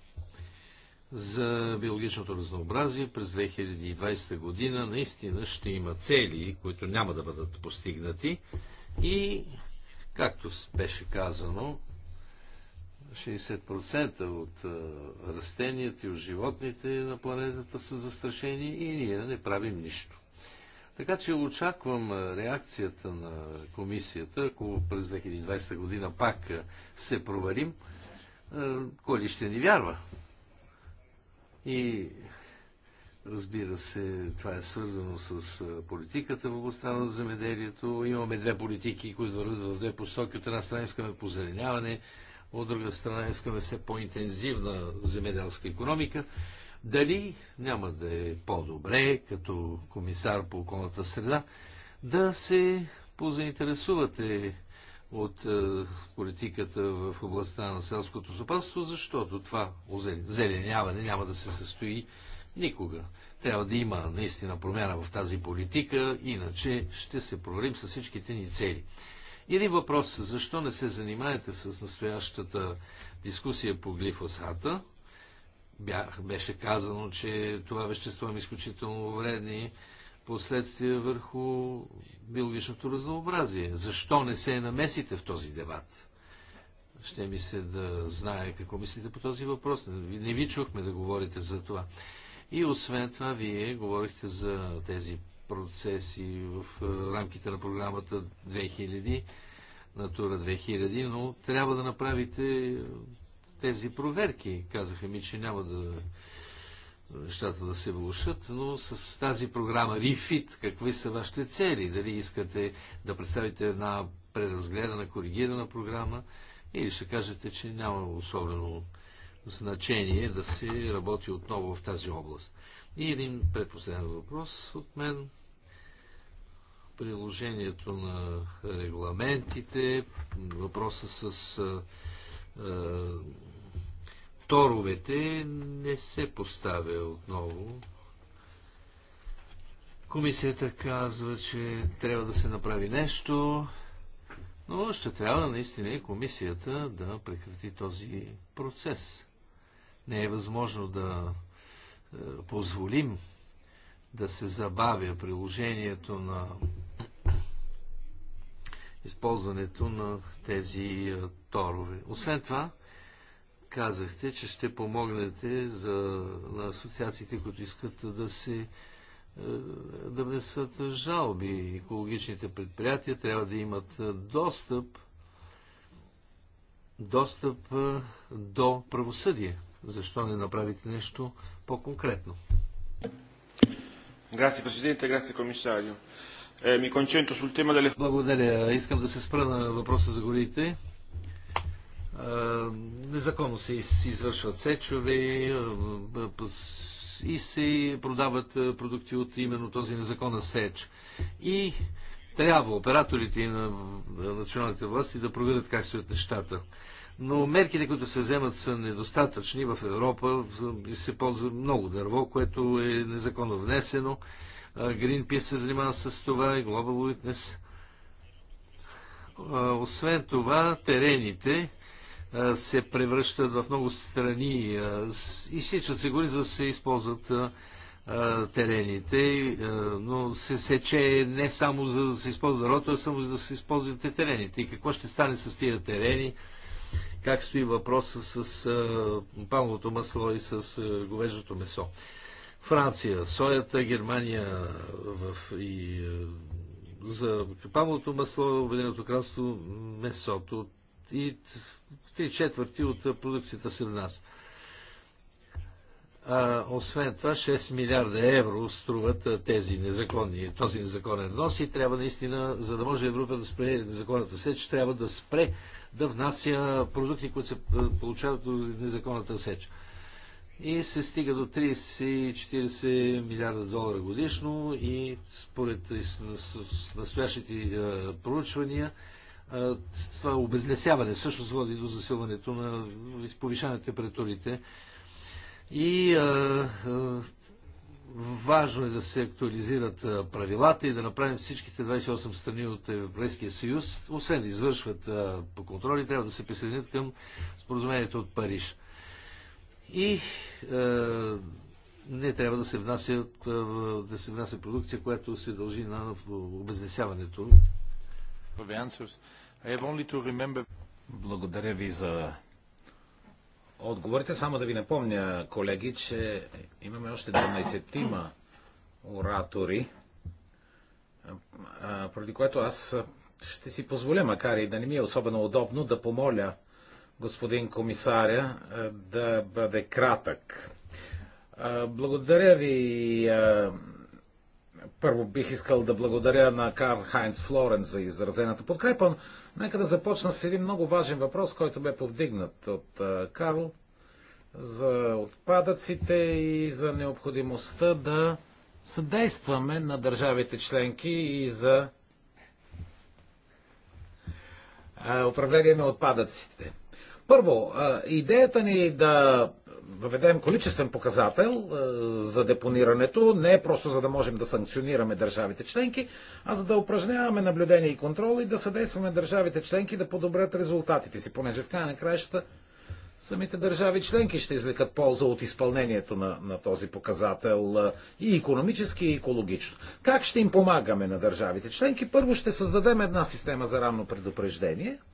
За биологичното разнообразие през 2020 година наистина ще има цели, които няма да бъдат постигнати и, както беше казано, 60% от растенията и от животните на планетата са застрашени и ние не правим нищо. Така че очаквам реакцията на комисията, ако през 2020 година пак се проварим, кой ли ще ни вярва? И разбира се, това е свързано с политиката в областта на земеделието. Имаме две политики, които върват в две посоки. От една страна искаме позеленяване, от друга страна искаме все по-интензивна земеделска економика. Дали няма да е по-добре, като комисар по околната среда, да се позаинтересувате от е, политиката в областта на селското стопанство, защото това озеленяване няма да се състои никога. Трябва да има наистина промяна в тази политика, иначе ще се провалим с всичките ни цели. Или въпрос. Защо не се занимаете с настоящата дискусия по глифосата? Бях, беше казано, че това вещество има изключително вредни последствия върху биологичното разнообразие. Защо не се намесите в този дебат? Ще ми се да знае какво мислите по този въпрос. Не не ви чухме да говорите за това. И освен това, вие говорихте за тези процеси в е, рамките на програмата 2000, Натура 2000, но трябва да направите е, тези проверки. Казаха ми, че няма да е, нещата да се влушат, но с тази програма REFIT, какви са вашите цели? Дали искате да представите една преразгледана, коригирана програма или ще кажете, че няма особено значение да се работи отново в тази област? И един предпоследен въпрос от мен. Приложението на регламентите, въпроса с а, а, торовете не се поставя отново. Комисията казва, че трябва да се направи нещо, но ще трябва наистина и комисията да прекрати този процес. Не е възможно да е, позволим да се забавя приложението на използването на тези е, торове. Освен това, казахте, че ще помогнете за, на асоциациите, които искат да се е, да внесат жалби. Екологичните предприятия трябва да имат достъп достъп до правосъдие. Защо не направите нещо по-конкретно. Grazie Presidente, grazie Commissario. Ми eh, концентро sul tema delle... Благодаря. Искам да се спра на въпроса за горите. Е, незаконно се извършват сечове е, е, и се продават продукти от именно този незаконен сеч. И трябва операторите и на националните власти да проверят как стоят нещата но мерките, които се вземат, са недостатъчни. В Европа се ползва много дърво, което е незаконно внесено. Greenpeace се занимава с това и Global Witness. Освен това, терените се превръщат в много страни, изсичат се гори, за да се използват терените, но се сече не само за да се използва дървото, а само за да се използват и терените. И какво ще стане с тия терени? как стои въпроса с палмовото масло и с говеждото месо. Франция, соята, Германия в, и за палмовото масло, Обединеното кралство, месото и три четвърти от продукцията си в нас. А, освен това, 6 милиарда евро струват тези незаконни, този незаконен внос и трябва наистина, за да може Европа да спре незаконната сеч, трябва да спре да внася продукти, които се е, получават до незаконната сеч. И се стига до 30-40 милиарда долара годишно и според настоящите е, проучвания е, това обезнесяване всъщност води до засилването на повишаване температурите и а, Важно е да се актуализират правилата и да направим всичките 28 страни от Европейския съюз, освен да извършват по контроли, трябва да се присъединят към споразумението от Париж. И е, не трябва да се, внася, да се внася продукция, която се дължи на обезнесяването. Благодаря ви за отговорите. Само да ви напомня, колеги, че имаме още 12-тима оратори, поради което аз ще си позволя, макар и да не ми е особено удобно, да помоля господин комисаря да бъде кратък. Благодаря ви. Първо бих искал да благодаря на Карл Хайнц Флорен за изразената подкрепа. Нека да започна с един много важен въпрос, който бе повдигнат от Карл за отпадъците и за необходимостта да съдействаме на държавите членки и за управление на отпадъците. Първо, идеята ни е да въведем количествен показател е, за депонирането, не е просто за да можем да санкционираме държавите членки, а за да упражняваме наблюдение и контрол и да съдействаме държавите членки да подобрят резултатите си, понеже в края на краищата самите държави членки ще извлекат полза от изпълнението на, на този показател е, и економически, и екологично. Как ще им помагаме на държавите членки? Първо ще създадем една система за ранно предупреждение –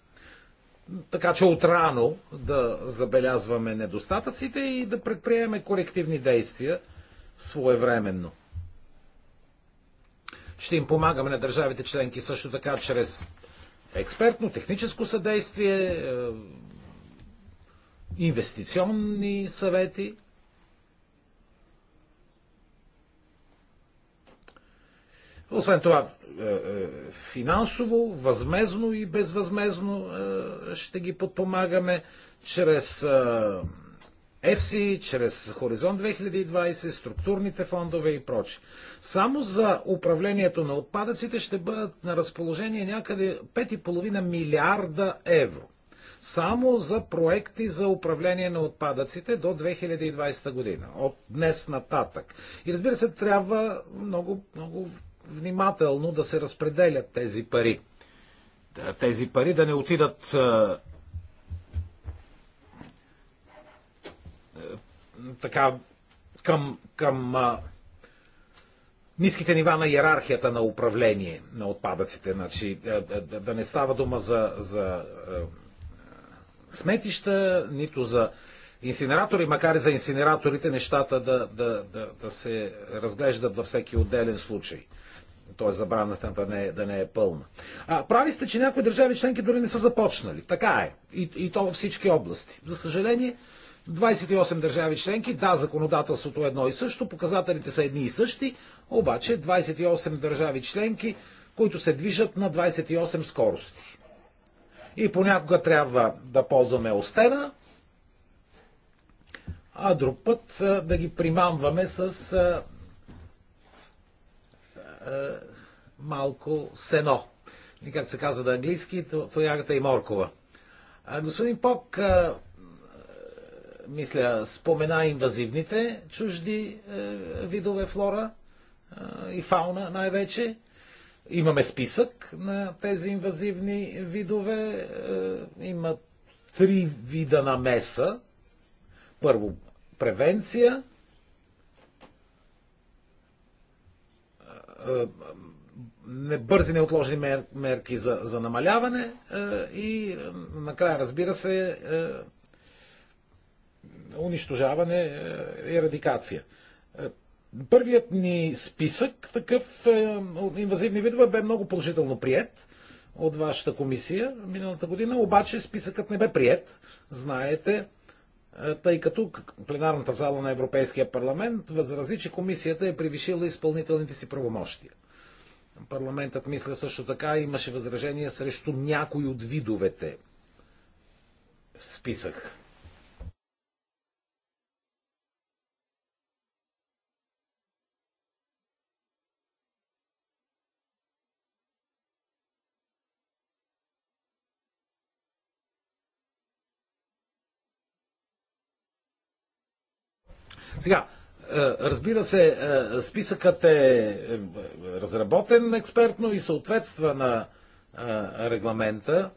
така че отрано да забелязваме недостатъците и да предприемем корективни действия своевременно. Ще им помагаме на държавите членки също така чрез експертно, техническо съдействие, е, инвестиционни съвети – Освен това, е, е, финансово, възмезно и безвъзмезно е, ще ги подпомагаме чрез EFSI, чрез Хоризонт 2020, структурните фондове и прочи. Само за управлението на отпадъците ще бъдат на разположение някъде 5,5 милиарда евро. Само за проекти за управление на отпадъците до 2020 година, от днес нататък. И разбира се, трябва много, много внимателно да се разпределят тези пари. Тези пари да не отидат е, е, така към, към е, ниските нива на иерархията на управление на отпадъците. Значи, да не става дума за, за сметища, нито за инсинератори, макар и за инсинераторите нещата да, да, да, да се разглеждат във всеки отделен случай. Тоест забраната да не, е, да не е пълна. А, прави сте, че някои държави членки дори не са започнали. Така е. И, и то във всички области. За съжаление, 28 държави членки, да, законодателството е едно и също, показателите са едни и същи, обаче 28 държави членки, които се движат на 28 скорости. И понякога трябва да ползваме остена, а друг път да ги примамваме с малко сено. И как се казва на английски, тоягата и моркова. господин Пок, мисля, спомена инвазивните чужди видове флора и фауна най-вече. Имаме списък на тези инвазивни видове. Има три вида на меса. Първо, превенция, е, е, бързи неотложни мерки за, за намаляване е, и накрая, разбира се, унищожаване, и ерадикация. Първият ни списък, такъв инвазивни видове, бе много положително прият от вашата комисия миналата година, обаче списъкът не бе прият, знаете, е, тъй като пленарната зала на Европейския парламент възрази, че комисията е превишила изпълнителните си правомощия. Парламентът, мисля също така, имаше възражение срещу някои от видовете в списък. Сега, е, разбира се, е, списъкът е, е разработен експертно и съответства на регламента.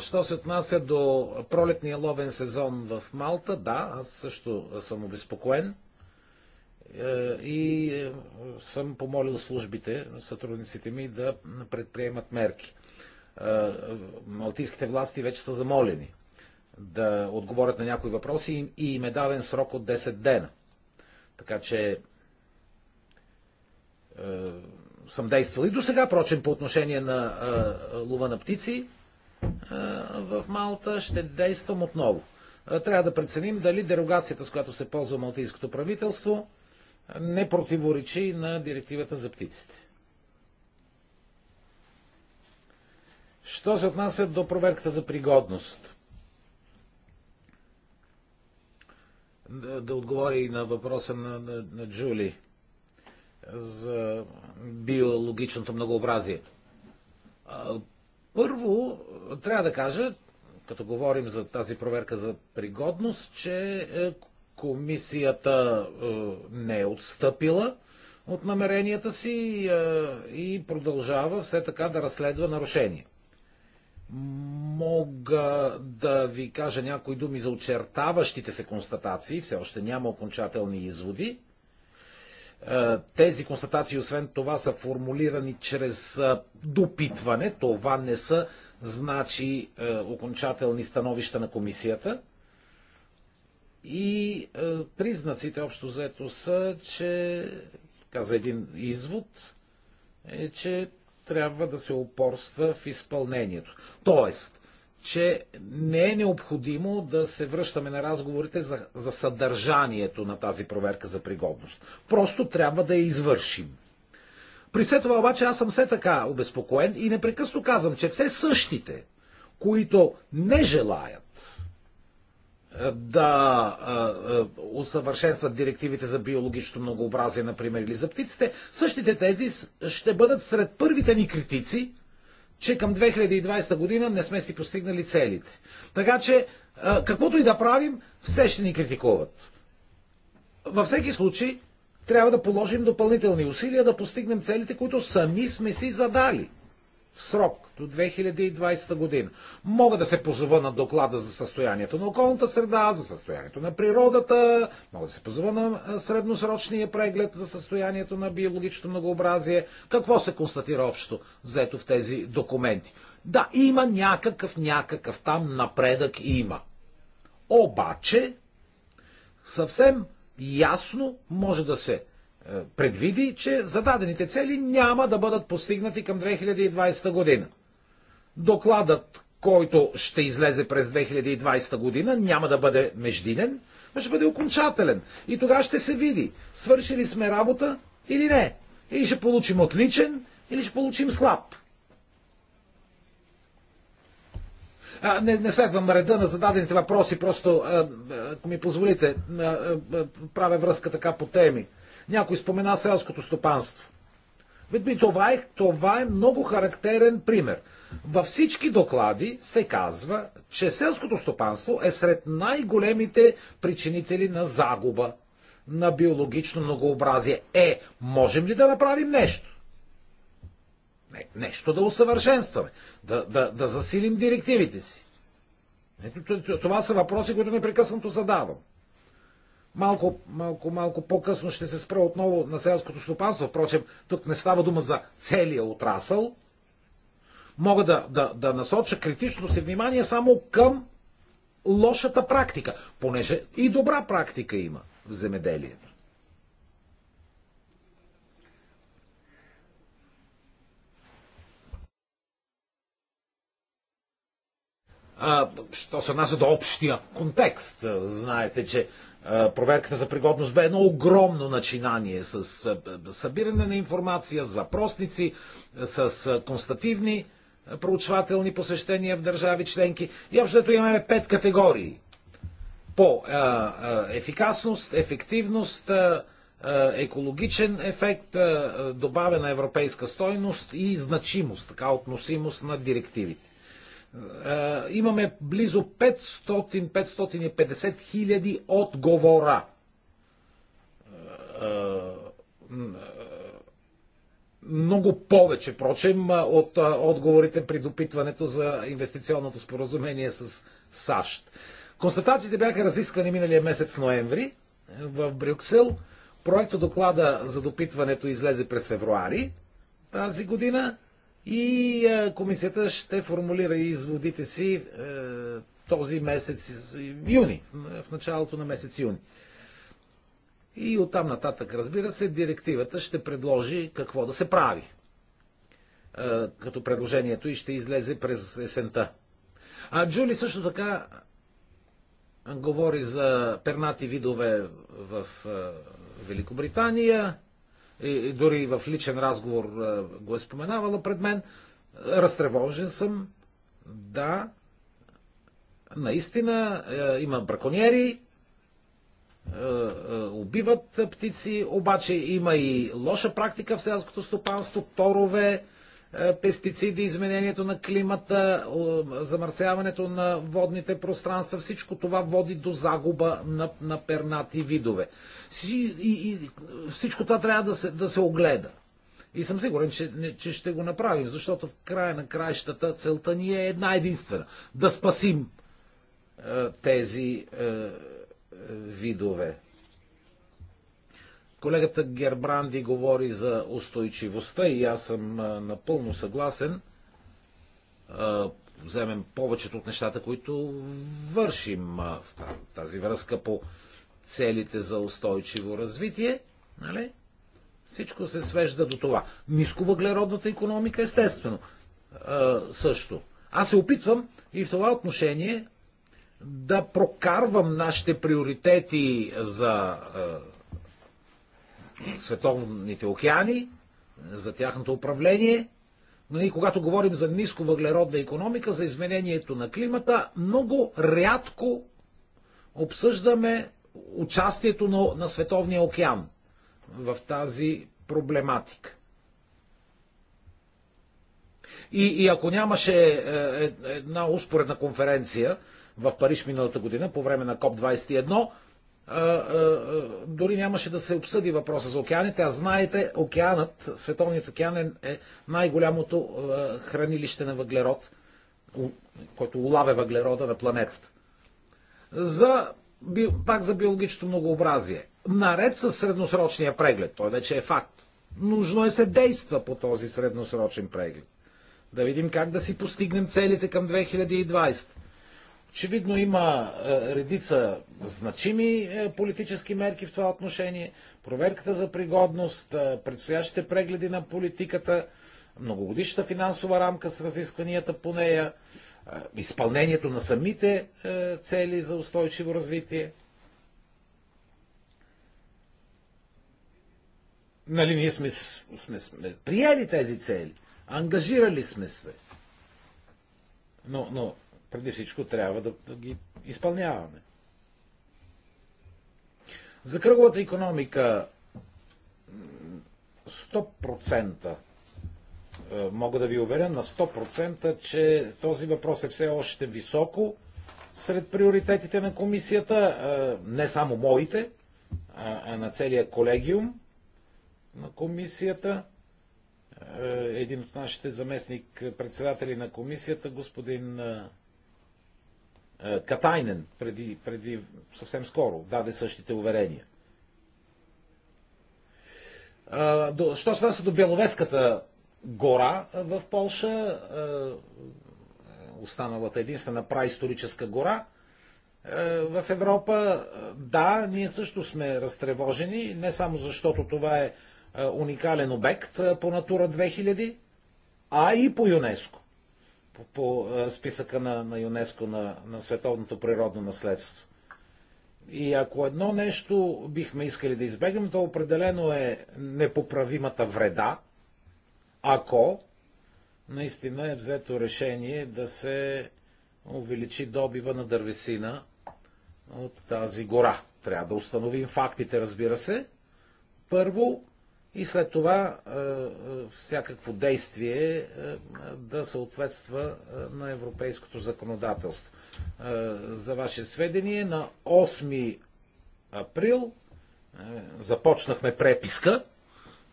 Що се отнася до пролетния ловен сезон в Малта, да, аз също съм обезпокоен и съм помолил службите, сътрудниците ми да предприемат мерки. Малтийските власти вече са замолени да отговорят на някои въпроси и им е даден срок от 10 дена. Така че е, съм действал и до сега, прочен, по отношение на е, лова на птици е, в Малта, ще действам отново. Е, трябва да преценим дали дерогацията, с която се ползва малтийското правителство, не противоречи на директивата за птиците. Що се отнася до проверката за пригодност? да, отговоря и на въпроса на, на, на Джули за биологичното многообразие. Първо, трябва да кажа, като говорим за тази проверка за пригодност, че е, комисията е, не е отстъпила от намеренията си е, и продължава все така да разследва нарушения мога да ви кажа някои думи за очертаващите се констатации, все още няма окончателни изводи. Е, тези констатации, освен това, са формулирани чрез е, допитване. Това не са, значи, е, окончателни становища на комисията. И признаците, общо заето, са, че, каза един извод, е, че трябва да се упорства в изпълнението. Тоест, че не е необходимо да се връщаме на разговорите за, за съдържанието на тази проверка за пригодност. Просто трябва да я извършим. При все това обаче аз съм все така обезпокоен и непрекъсно казвам, че все същите, които не желаят е, да е, е, усъвършенстват директивите за биологичното многообразие, например, или за птиците, същите тези ще бъдат сред първите ни критици, че към 2020 година не сме си постигнали целите. Така че, каквото и да правим, все ще ни критикуват. Във всеки случай, трябва да положим допълнителни усилия да постигнем целите, които сами сме си задали – в срок до 2020 година. Мога да се позова на доклада за състоянието на околната среда, за състоянието на природата, мога да се позова на средносрочния преглед за състоянието на биологичното многообразие, какво се констатира общо взето в тези документи. Да, има някакъв, някакъв там напредък има. Обаче, съвсем ясно може да се е, предвиди, че зададените цели няма да бъдат постигнати към 2020 година. Докладът, който ще излезе през 2020 година, няма да бъде междинен, но ще бъде окончателен. И тогава ще се види, свършили сме работа или не. Или ще получим отличен, или ще получим слаб. А, не, не следвам реда на зададените въпроси, просто, ако ми позволите, а, а, правя връзка така по теми. Някой спомена селското стопанство. Би, това, е, това е много характерен пример. Във всички доклади се казва, че селското стопанство е сред най-големите причинители на загуба на биологично многообразие. Е, можем ли да направим нещо? Не, нещо да усъвършенстваме, да, да, да засилим директивите си. Ето, това са въпроси, които непрекъснато задавам. Малко, малко, малко по-късно ще се спра отново на селското стопанство. Впрочем, тук не става дума за целия отрасъл. Мога да, да, да насоча критичното си внимание само към лошата практика, понеже и добра практика има в земеделието. Що се отнася до общия контекст, знаете, че проверката за пригодност бе едно огромно начинание с събиране на информация, с въпросници, с констативни проучвателни посещения в държави членки. И общото имаме пет категории. По ефикасност, ефективност, екологичен ефект, добавена европейска стойност и значимост, така относимост на директивите. Е, имаме близо 500-550 хиляди отговора е, е, много повече, прочем, от отговорите при допитването за инвестиционното споразумение с САЩ. Констатациите бяха разисквани миналия месец ноември в Брюксел. Проекто доклада за допитването излезе през февруари тази година и е, комисията ще формулира изводите си е, този месец юни, в началото на месец юни. И оттам нататък, разбира се, директивата ще предложи какво да се прави. Е, като предложението и ще излезе през есента. А Джули също така говори за пернати видове в Великобритания, и дори в личен разговор го е споменавала пред мен. Разтревожен съм, да, наистина е, има браконьери, е, е, убиват птици, обаче има и лоша практика в селското стопанство, торове, е, пестициди, изменението на климата, замърсяването на водните пространства, всичко това води до загуба на, на пернати видове. И, и, и всичко това трябва да се, да се огледа. И съм сигурен, че, че ще го направим, защото в края на краищата целта ни е една единствена. Да спасим е, тези е, е видове. Колегата Гербранди говори за устойчивостта и аз съм напълно съгласен. Вземем повечето от нещата, които вършим в тази връзка по целите за устойчиво развитие. Нали? Всичко се свежда до това. Нисковъглеродната економика, естествено, също. Аз се опитвам и в това отношение да прокарвам нашите приоритети за световните океани, за тяхното управление. Но и когато говорим за ниско въглеродна економика, за изменението на климата, много рядко обсъждаме участието на, на Световния океан в тази проблематика. И, и ако нямаше е, е, една успоредна конференция в Париж миналата година по време на КОП-21, дори нямаше да се обсъди въпроса за океаните, а знаете, океанът, Световният океан е, е най-голямото хранилище на въглерод, който улавя въглерода на планетата. За, пак за биологичното многообразие. Наред с средносрочния преглед, той вече е факт. Нужно е се действа по този средносрочен преглед. Да видим как да си постигнем целите към 2020 Очевидно има е, редица значими е, политически мерки в това отношение. Проверката за пригодност, е, предстоящите прегледи на политиката, многогодишната финансова рамка с разискванията по нея, изпълнението на самите цели за устойчиво развитие. Нали, ние сме, сме, сме приели тези цели, ангажирали сме се. Но, но преди всичко трябва да, да ги изпълняваме. За кръговата економика 100% е, мога да ви уверя на 100%, че този въпрос е все още високо сред приоритетите на комисията, е, не само моите, а на целия колегиум на комисията. Е, един от нашите заместник председатели на комисията, господин Катайнен преди, преди съвсем скоро даде същите уверения. що се отнася до Беловеската гора в Полша, останалата единствена праисторическа гора в Европа, да, ние също сме разтревожени, не само защото това е уникален обект по Натура 2000, а и по ЮНЕСКО по списъка на, на ЮНЕСКО на, на световното природно наследство. И ако едно нещо бихме искали да избегнем, то определено е непоправимата вреда, ако наистина е взето решение да се увеличи добива на дървесина от тази гора. Трябва да установим фактите, разбира се. Първо, и след това е, е, всякакво действие е, да съответства на европейското законодателство. За ваше сведение, на 8 април започнахме преписка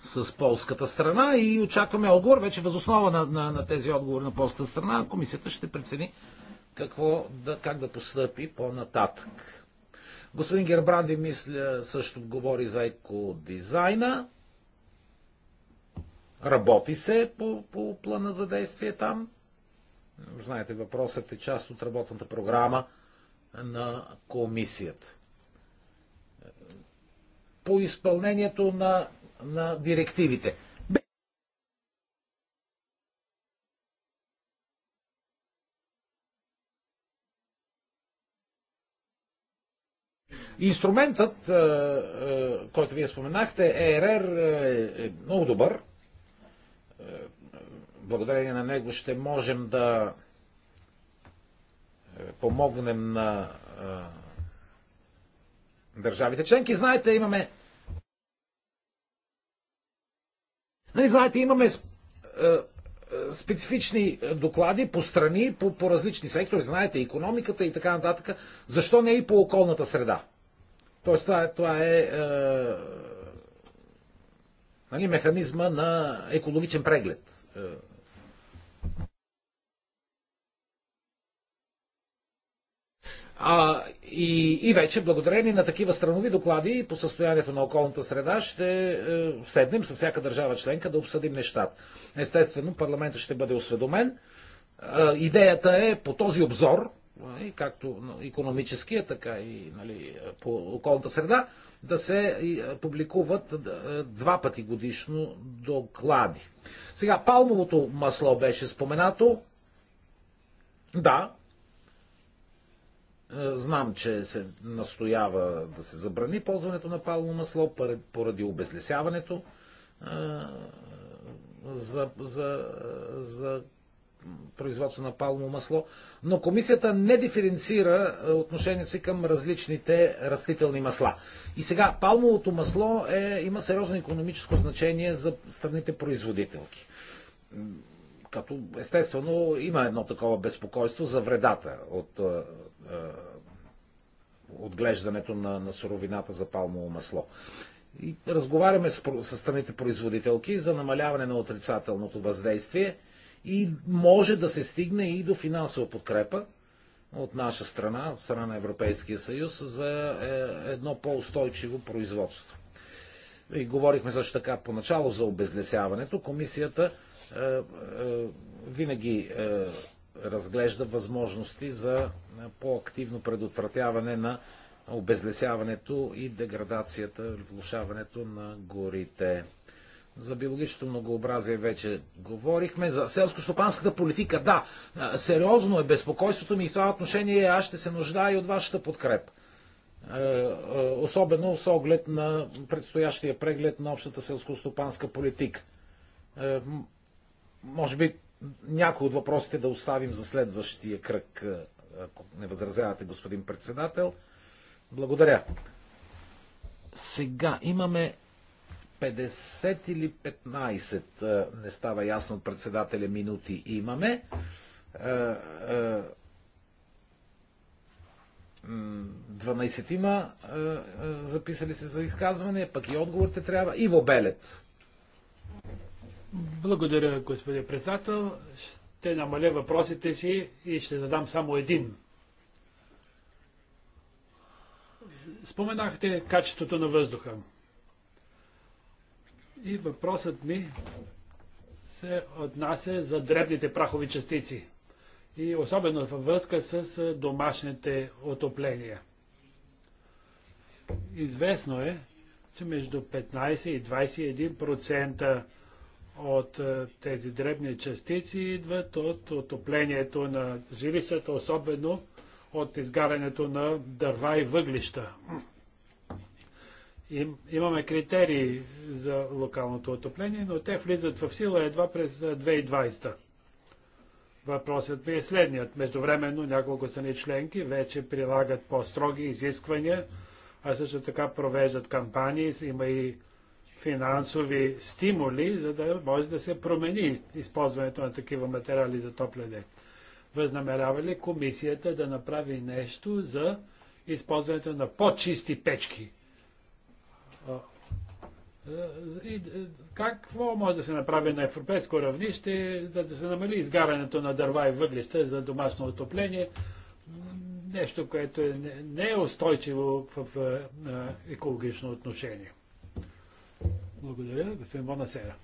с полската страна и очакваме отговор. Вече възоснова на, на, на тези отговори на полската страна, комисията ще прецени какво да, как да постъпи по-нататък. Господин Гербранди, мисля, също говори за екодизайна. Работи се по, по плана за действие там. Знаете, въпросът е част от работната програма на комисията. По изпълнението на, на директивите. Инструментът, е, е, който вие споменахте, ЕРР е, е много добър, е, е, благодарение на него ще можем да е, помогнем на държавите членки. Знаете, имаме. Не, нали, знаете, имаме специфични доклади по страни, по, по различни сектори, знаете, економиката и така нататък. Защо не и по околната среда? Тоест, това е, това е, е нали, механизма на екологичен преглед. Е. А, и, и вече благодарение на такива странови доклади по състоянието на околната среда ще е, седнем с всяка държава членка да обсъдим нещата. Естествено, парламентът ще бъде осведомен. А, е, идеята е по този обзор, е, както економическия, така и нали, по околната среда, да се е, публикуват е, два пъти годишно доклади. Сега, палмовото масло беше споменато. Да, е, Знам, че се настоява да се забрани ползването на пално масло поради обезлесяването за, за, за производство на палмо масло, но комисията не диференцира е, отношението си към различните растителни масла. И сега, палмовото масло е, има сериозно економическо значение за страните производителки. Като естествено има едно такова безпокойство за вредата от е, е, отглеждането на, на суровината за палмово масло. И разговаряме с, с страните производителки за намаляване на отрицателното въздействие – и може да се стигне и до финансова подкрепа от наша страна, от страна на Европейския съюз, за е, едно по-устойчиво производство. И говорихме също така поначало за обезлесяването. Комисията е, е, винаги е, разглежда възможности за по-активно предотвратяване на обезлесяването и деградацията, влушаването на горите. За биологичното многообразие вече говорихме. За селско-стопанската политика, да, сериозно е безпокойството ми и в това отношение аз ще се нуждая и от вашата подкрепа. Е, е, особено с оглед на предстоящия преглед на общата селско-стопанска политика. Е, може би някои от въпросите да оставим за следващия кръг, ако не възразявате, господин председател. Благодаря. Сега имаме 50 или 15, не става ясно от председателя, минути имаме. Дванайсетима записали се за изказване, пък и отговорите трябва. Иво Белет. Благодаря, господин председател. Ще намаля въпросите си и ще задам само един. Споменахте качеството на въздуха. И въпросът ми се отнася за дребните прахови частици. И особено във връзка с домашните отопления. Известно е, че между 15 и 21% от тези дребни частици идват от отоплението на жилищата, особено от изгарянето на дърва и въглища им, имаме критерии за локалното отопление, но те влизат в сила едва през 2020. Въпросът ми е следният. Междувременно няколко страни членки вече прилагат по-строги изисквания, а също така провеждат кампании, има и финансови стимули, за да може да се промени използването на такива материали за топлене. Възнамерява ли комисията да направи нещо за използването на по-чисти печки и е, е, какво може да се направи на европейско равнище, за да се намали изгарянето на дърва и въглища за домашно отопление? Нещо, което е, не е устойчиво в, в е, екологично отношение. Благодаря, господин Бонасера.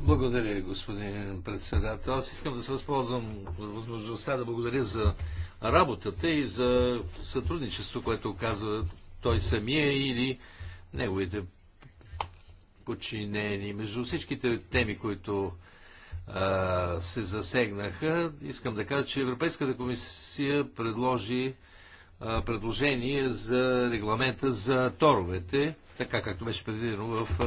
Благодаря, господин председател. Аз искам да се възползвам възможността да благодаря за работата и за сътрудничество, което оказват той самия или неговите подчинени. Между всичките теми, които а, се засегнаха, искам да кажа, че Европейската комисия предложи а, предложение за регламента за торовете, така както беше предвидено в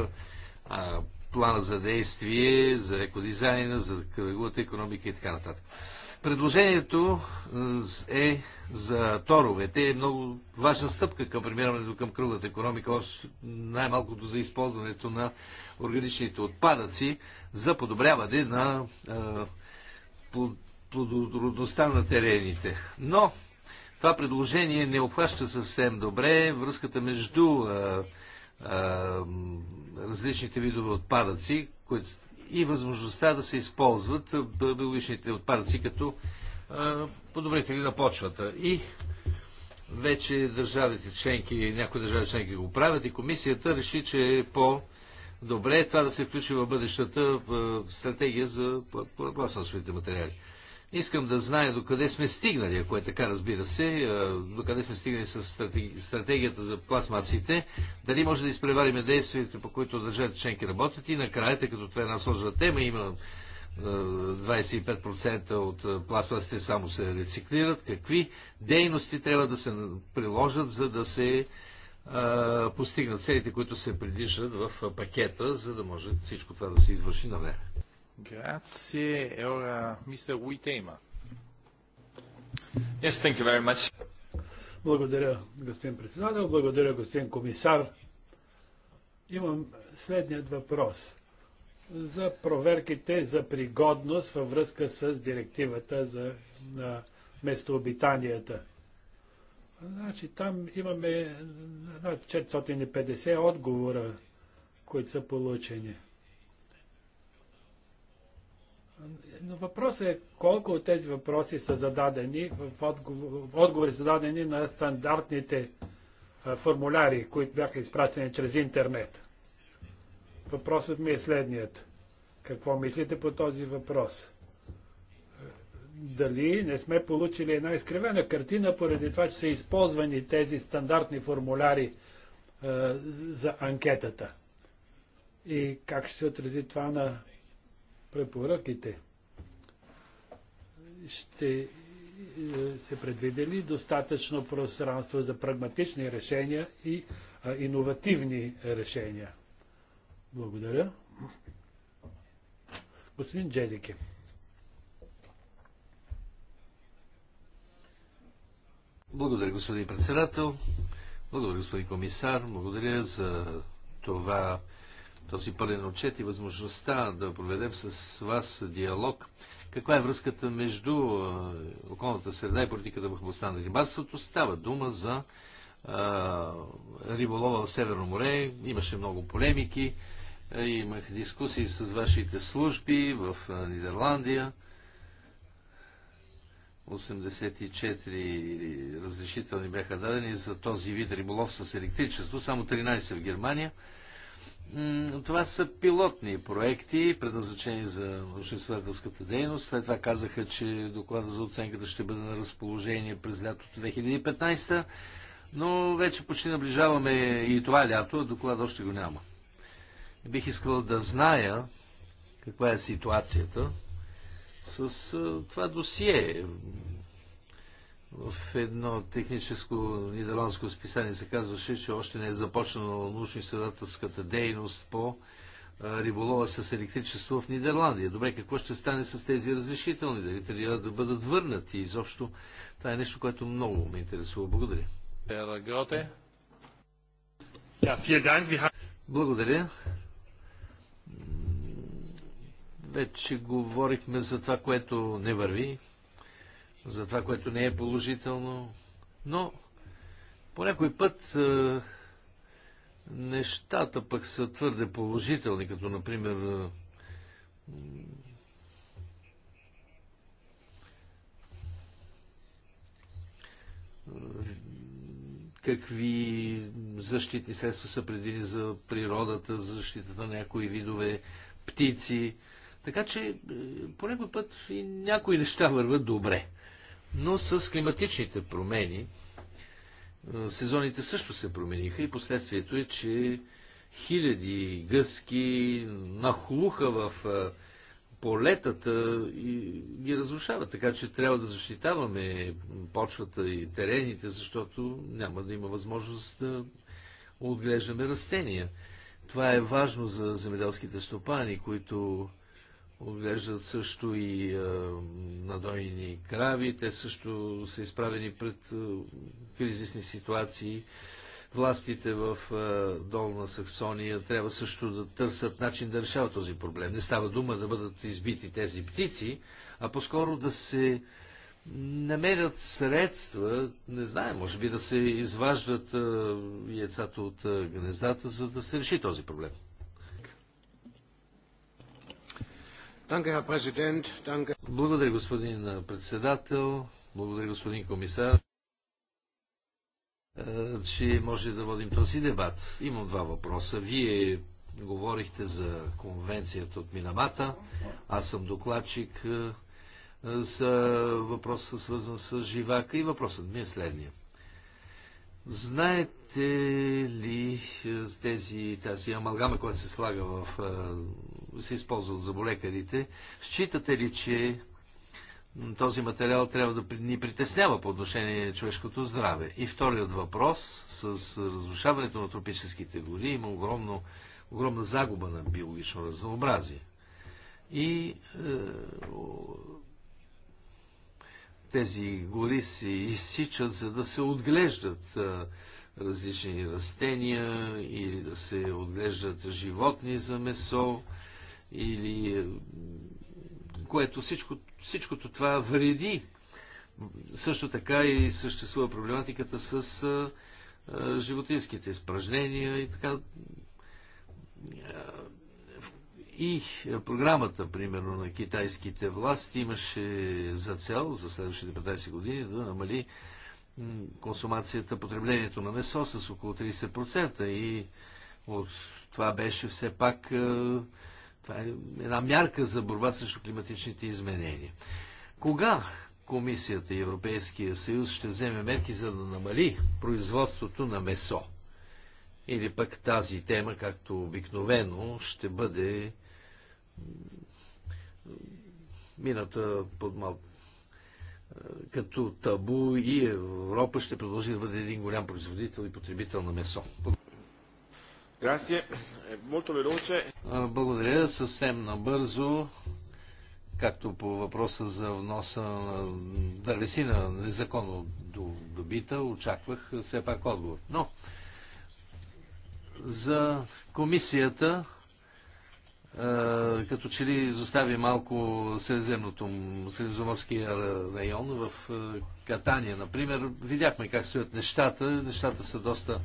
а, плана за действие, за екодизайна, за кръговата економика и така нататък. Предложението е за торовете е много важна стъпка към премирането към кръглата економика, най-малкото за използването на органичните отпадъци за подобряване на плодородността на терените. Но това предложение не обхваща съвсем добре връзката между различните видове отпадъци, които и възможността да се използват биологичните отпадъци като подобрители на почвата. И вече държавите членки, някои държави членки го правят и комисията реши, че е по- добре е това да се включи в бъдещата стратегия за пластмасовите материали. Искам да знае докъде сме стигнали, ако е така, разбира се, е, докъде сме стигнали с стратегията за пластмасите, дали може да изпревариме действията, по които държавите членки работят и накрая, тъй като това е една сложна тема, има 25% е, от е, пластмасите само се рециклират, какви дейности трябва да се приложат, за да се постигнат целите, които се предвиждат в пакета, за да може всичко това да се извърши на време. Grazie. E ora Mr. Witema. Yes, thank you very much. Благодаря, господин председател. Благодаря, господин комисар. Имам следният въпрос за проверките за пригодност във връзка с директивата за на местообитанията. Значи, там имаме над 450 отговора, които са получени. Но въпросът е колко от тези въпроси са зададени, в отговор, отговори са зададени на стандартните формуляри, които бяха изпратени чрез интернет. Въпросът ми е следният. Какво мислите по този въпрос? Дали не сме получили една изкривена картина поради това, че са използвани тези стандартни формуляри е, за анкетата? И как ще се отрази това на препоръките ще се предвидели достатъчно пространство за прагматични решения и а, иновативни решения. Благодаря. Господин Джезике. Благодаря, господин председател. Благодаря, господин комисар. Благодаря за това този пълен отчет и възможността да проведем с вас диалог. Каква е връзката между околната среда и политиката в областта на рибарството? Става дума за а, риболова в Северно море. Имаше много полемики. Имах дискусии с вашите служби в Нидерландия. 84 разрешителни бяха дадени за този вид риболов с електричество, само 13 в Германия. Това са пилотни проекти, предназначени за научно-изследователската дейност. След това казаха, че доклада за оценката ще бъде на разположение през лятото 2015, но вече почти наближаваме и това лято, а доклад още го няма. Бих искал да зная каква е ситуацията с това досие в едно техническо нидерландско списание се казваше, че още не е започнала научно-изследователската дейност по риболова с електричество в Нидерландия. Добре, какво ще стане с тези разрешителни? Дали трябва да бъдат върнати? Изобщо това е нещо, което много ме интересува. Благодаря. Благодаря. Вече говорихме за това, което не върви за това, което не е положително, но по някой път е, нещата пък са твърде положителни, като например е, какви защитни средства са предвидени за природата, за защитата на някои видове птици. Така че е, по някой път и някои неща върват добре. Но с климатичните промени сезоните също се промениха и последствието е, че хиляди гъски нахлуха в полетата и ги разрушават. Така че трябва да защитаваме почвата и терените, защото няма да има възможност да отглеждаме растения. Това е важно за земеделските стопани, които Отглеждат също и а, надойни крави. Те също са изправени пред а, кризисни ситуации. Властите в а, Долна Саксония трябва също да търсят начин да решават този проблем. Не става дума да бъдат избити тези птици, а по-скоро да се намерят средства, не знае, може би да се изваждат яйцата от гнездата, за да се реши този проблем. Благодаря, господин председател. Благодаря, господин комисар, е, че може да водим този дебат. Имам два въпроса. Вие говорихте за конвенцията от Минамата. Аз съм докладчик е, е, за въпроса, свързан с живака и въпросът ми е следния. Знаете ли тези, тази амалгама, която се слага в се използват заболекарите. Считате ли, че този материал трябва да ни притеснява по отношение на човешкото здраве? И вторият въпрос, с разрушаването на тропическите гори има огромно, огромна загуба на биологично разнообразие. И е, тези гори се изсичат, за да се отглеждат е, различни растения или да се отглеждат животни за месо или е, което всичко, всичкото това вреди. Също така и съществува проблематиката с а, е, а, е, животинските изпражнения и така. И програмата, примерно, на китайските власти имаше за цел за следващите 15 години да намали консумацията, потреблението на месо с около 30% и от това беше все пак това е една мярка за борба срещу климатичните изменения. Кога Комисията и Европейския съюз ще вземе мерки за да намали производството на месо? Или пък тази тема, както обикновено, ще бъде мината под мал... Е, като табу и Европа ще продължи да бъде един голям производител и потребител на месо. Благодаря. Съвсем набързо, както по въпроса за вноса на дървесина незаконно добита, очаквах все пак отговор. Но за комисията като че ли изостави малко Средиземното, Средиземноморския район в Катания, например. Видяхме как стоят нещата. Нещата са доста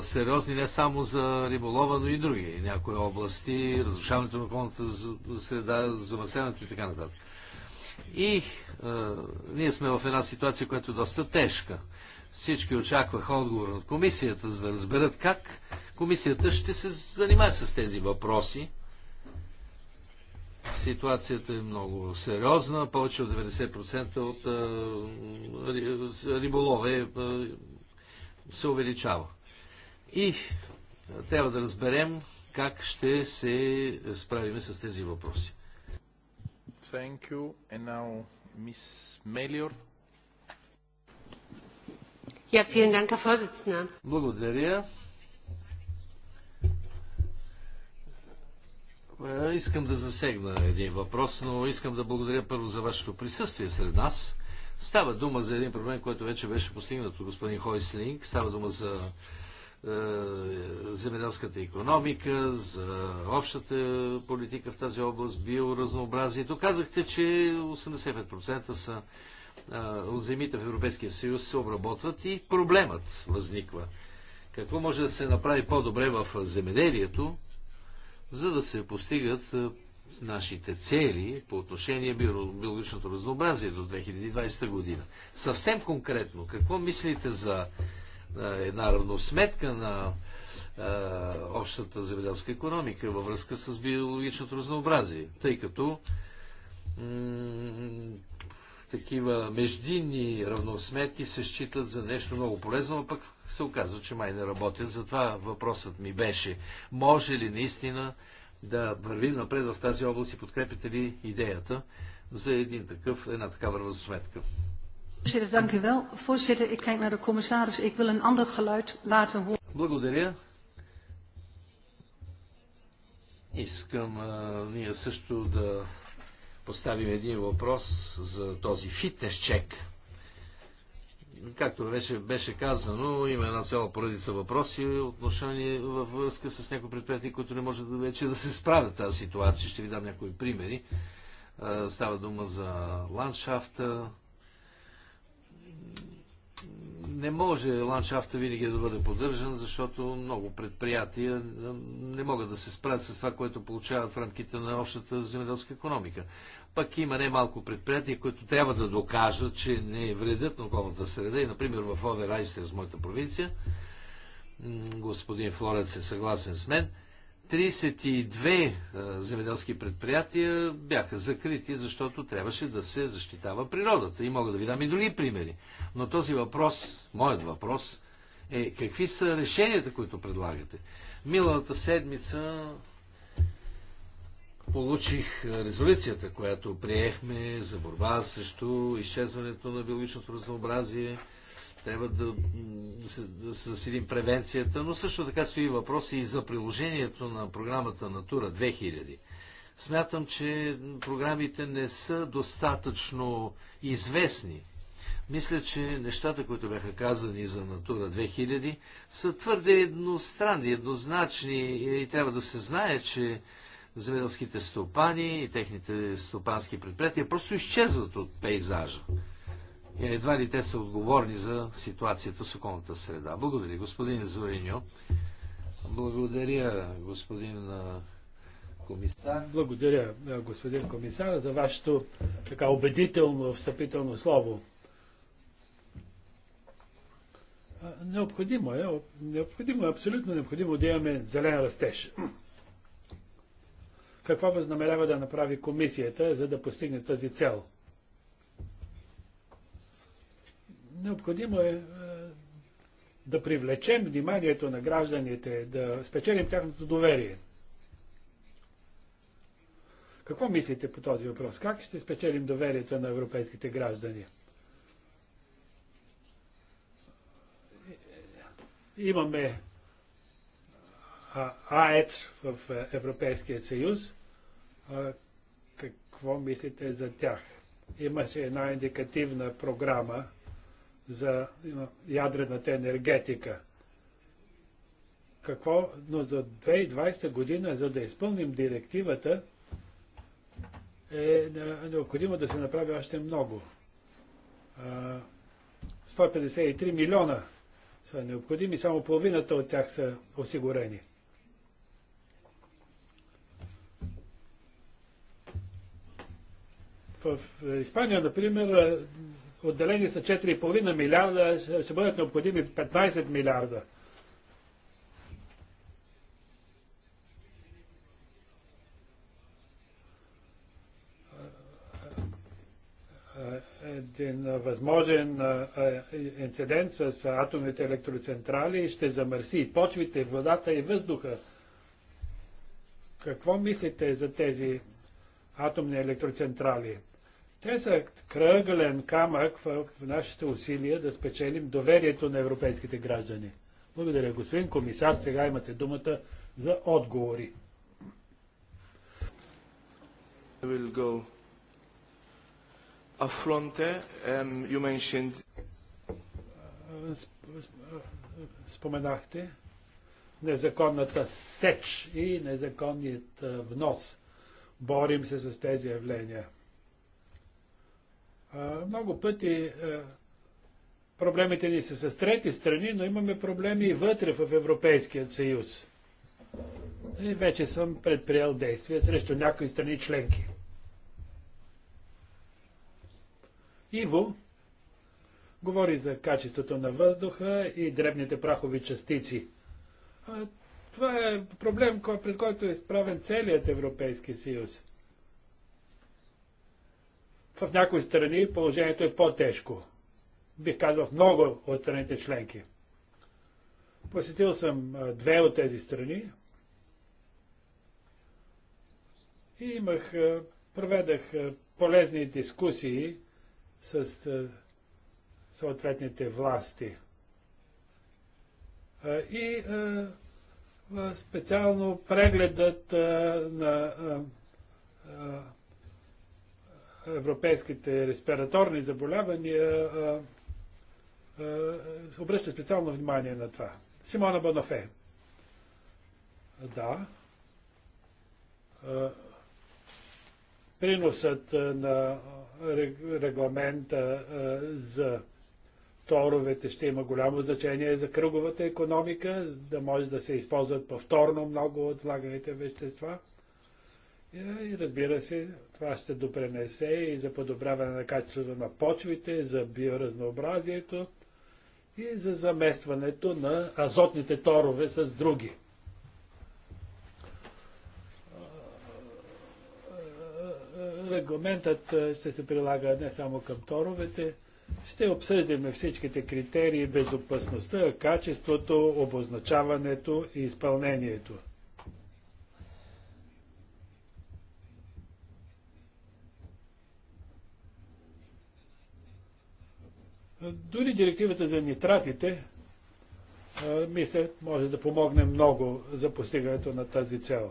сериозни не само за риболова, но и други някои области, разрушаването на околната среда, замърсяването и така нататък. И а, ние сме в една ситуация, която е доста тежка. Всички очакваха отговор от комисията, за да разберат как комисията ще се занимае с тези въпроси. Ситуацията е много сериозна. Повече от 90% от а, риболова е, а, се увеличава. И трябва да разберем как ще се справим с тези въпроси. Thank you. And now, Miss Melior. Ja, vielen Dank, Herr Vorsitzender. Благодаря. Искам да засегна един въпрос, но искам да благодаря първо за вашето присъствие сред нас. Става дума за един проблем, който вече беше постигнат от господин Хойслинг. Става дума за е, земеделската економика, за общата политика в тази област, биоразнообразието. Казахте, че 85% са е, от земите в Европейския съюз се обработват и проблемът възниква. Какво може да се направи по-добре в земеделието, за да се постигат е, нашите цели по отношение биологичното разнообразие до 2020 година. Съвсем конкретно, какво мислите за е, една равносметка на е, общата земеделска економика във връзка с биологичното разнообразие, тъй като такива междинни равносметки се считат за нещо много полезно, а пък се оказва, че май не работят. Затова въпросът ми беше, може ли наистина да вървим напред в тази област и подкрепите ли идеята за един такъв, една такава равносметка? Благодаря. Искам а, ние също да поставим един въпрос за този фитнес чек. Както беше, беше казано, има една цяла поредица въпроси отношение във връзка с някои предприятия, които не може да вече да се справят тази ситуация. Ще ви дам някои примери. А, става дума за ландшафта, не може ландшафта винаги да бъде поддържан, защото много предприятия не могат да се справят с това, което получават в рамките на общата земеделска економика. Пък има немалко предприятия, които трябва да докажат, че не е вредят на околната среда. И, например, в Айстер, с моята провинция, господин Флорец е съгласен с мен – 32 земеделски предприятия бяха закрити, защото трябваше да се защитава природата. И мога да ви дам и други примери. Но този въпрос, моят въпрос, е какви са решенията, които предлагате? Миналата седмица получих резолюцията, която приехме за борба срещу изчезването на биологичното разнообразие трябва да, да засилим превенцията, но също така стои въпроса и за приложението на програмата Натура 2000. Смятам, че програмите не са достатъчно известни. Мисля, че нещата, които бяха казани за Натура 2000, са твърде едностранни, еднозначни и трябва да се знае, че земеделските стопани и техните стопански предприятия просто изчезват от пейзажа едва ли те са отговорни за ситуацията с околната среда. Благодаря, господин Зориньо. Благодаря, господин комисар. Благодаря, господин комисар, за вашето така убедително встъпително слово. Необходимо е, необходимо е, абсолютно необходимо да имаме зелен растеж. Какво възнамерява да направи комисията, за да постигне тази цел? необходимо е, е да привлечем вниманието на гражданите, да спечелим тяхното доверие. Какво мислите по този въпрос? Как ще спечелим доверието на европейските граждани? Имаме АЕЦ в е, Европейския съюз. Какво мислите за тях? Имаше една индикативна програма за ядрената енергетика. Какво, но за 2020 година, за да изпълним директивата, е, е необходимо да се направи още много. 153 милиона са необходими, само половината от тях са осигурени. В Испания, например, отделени са 4,5 милиарда, ще бъдат необходими 15 милиарда. един възможен инцидент с атомните електроцентрали ще замърси и почвите, водата, и въздуха. Какво мислите за тези атомни електроцентрали? Те са кръгълен камък в нашите усилия да спечелим доверието на европейските граждани. Благодаря, господин комисар. Сега имате думата за отговори. Eh? Um, э, э, споменахте незаконната сеч и незаконният э, внос. Борим се с тези явления. Много пъти е, проблемите ни са с трети страни, но имаме проблеми и вътре в Европейския съюз. И вече съм предприел действия срещу някои страни членки. Иво говори за качеството на въздуха и дребните прахови частици. това е проблем, пред който е изправен целият Европейски съюз. В някои страни положението е по-тежко. Бих казал в много от страните членки. Посетил съм две от тези страни и имах, проведах полезни дискусии с съответните власти. И специално прегледът на европейските респираторни заболявания обръща специално внимание на това. Симона Бонафе. Да. Приносът на регламента за торовете ще има голямо значение за кръговата економика, да може да се използват повторно много от влаганите вещества – е, и разбира се, това ще допренесе и за подобряване на качеството на почвите, за биоразнообразието и за заместването на азотните торове с други. Регламентът е, ще се прилага не само към торовете, ще обсъждаме всичките критерии, безопасността, качеството, обозначаването и изпълнението – Дори директивата за нитратите, мисля, може да помогне много за постигането на тази цел.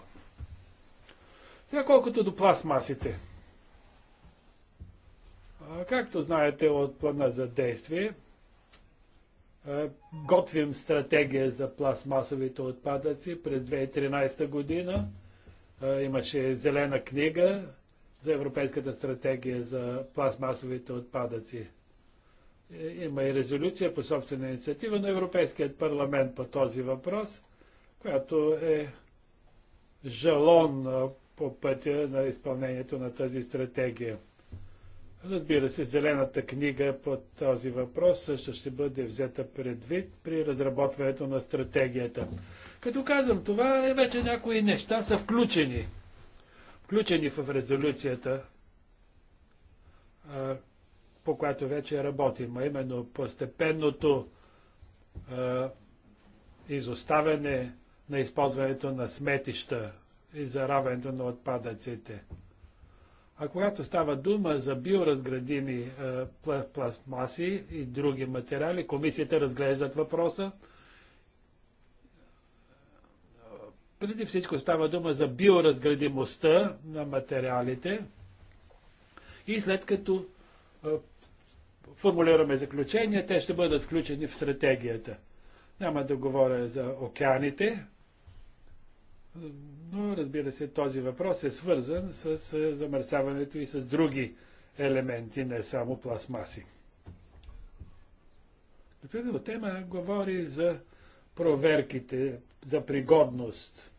Сега колкото до пластмасите. Както знаете от плана за действие, готвим стратегия за пластмасовите отпадъци през 2013 година. Имаше зелена книга за Европейската стратегия за пластмасовите отпадъци. Е, има и резолюция по собствена инициатива на Европейският парламент по този въпрос, която е жалон по пътя на изпълнението на тази стратегия. Разбира се, зелената книга по този въпрос също ще бъде взета предвид при разработването на стратегията. Като казвам това, е вече някои неща са включени. Включени в резолюцията, по която вече работим, а именно постепенното а, изоставяне на използването на сметища и заравянето на отпадъците. А когато става дума за биоразградими а, пластмаси и други материали, комисията разглеждат въпроса. Преди всичко става дума за биоразградимостта на материалите и след като формулираме заключения, те ще бъдат включени в стратегията. Няма да говоря за океаните, но разбира се, този въпрос е свързан с замърсяването и с други елементи, не само пластмаси. Господин тема говори за проверките, за пригодност.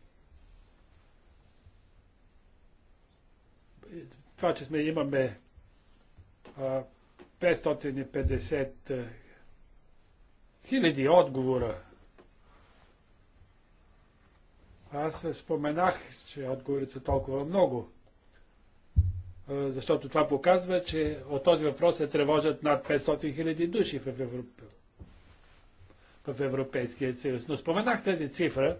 Това, че сме имаме а, 550 е, хиляди отговора. Аз споменах, че отговорите са толкова много, е, защото това показва, че от този въпрос се тревожат над 500 хиляди души в, Европ... в Европейския съюз. Но споменах тази цифра.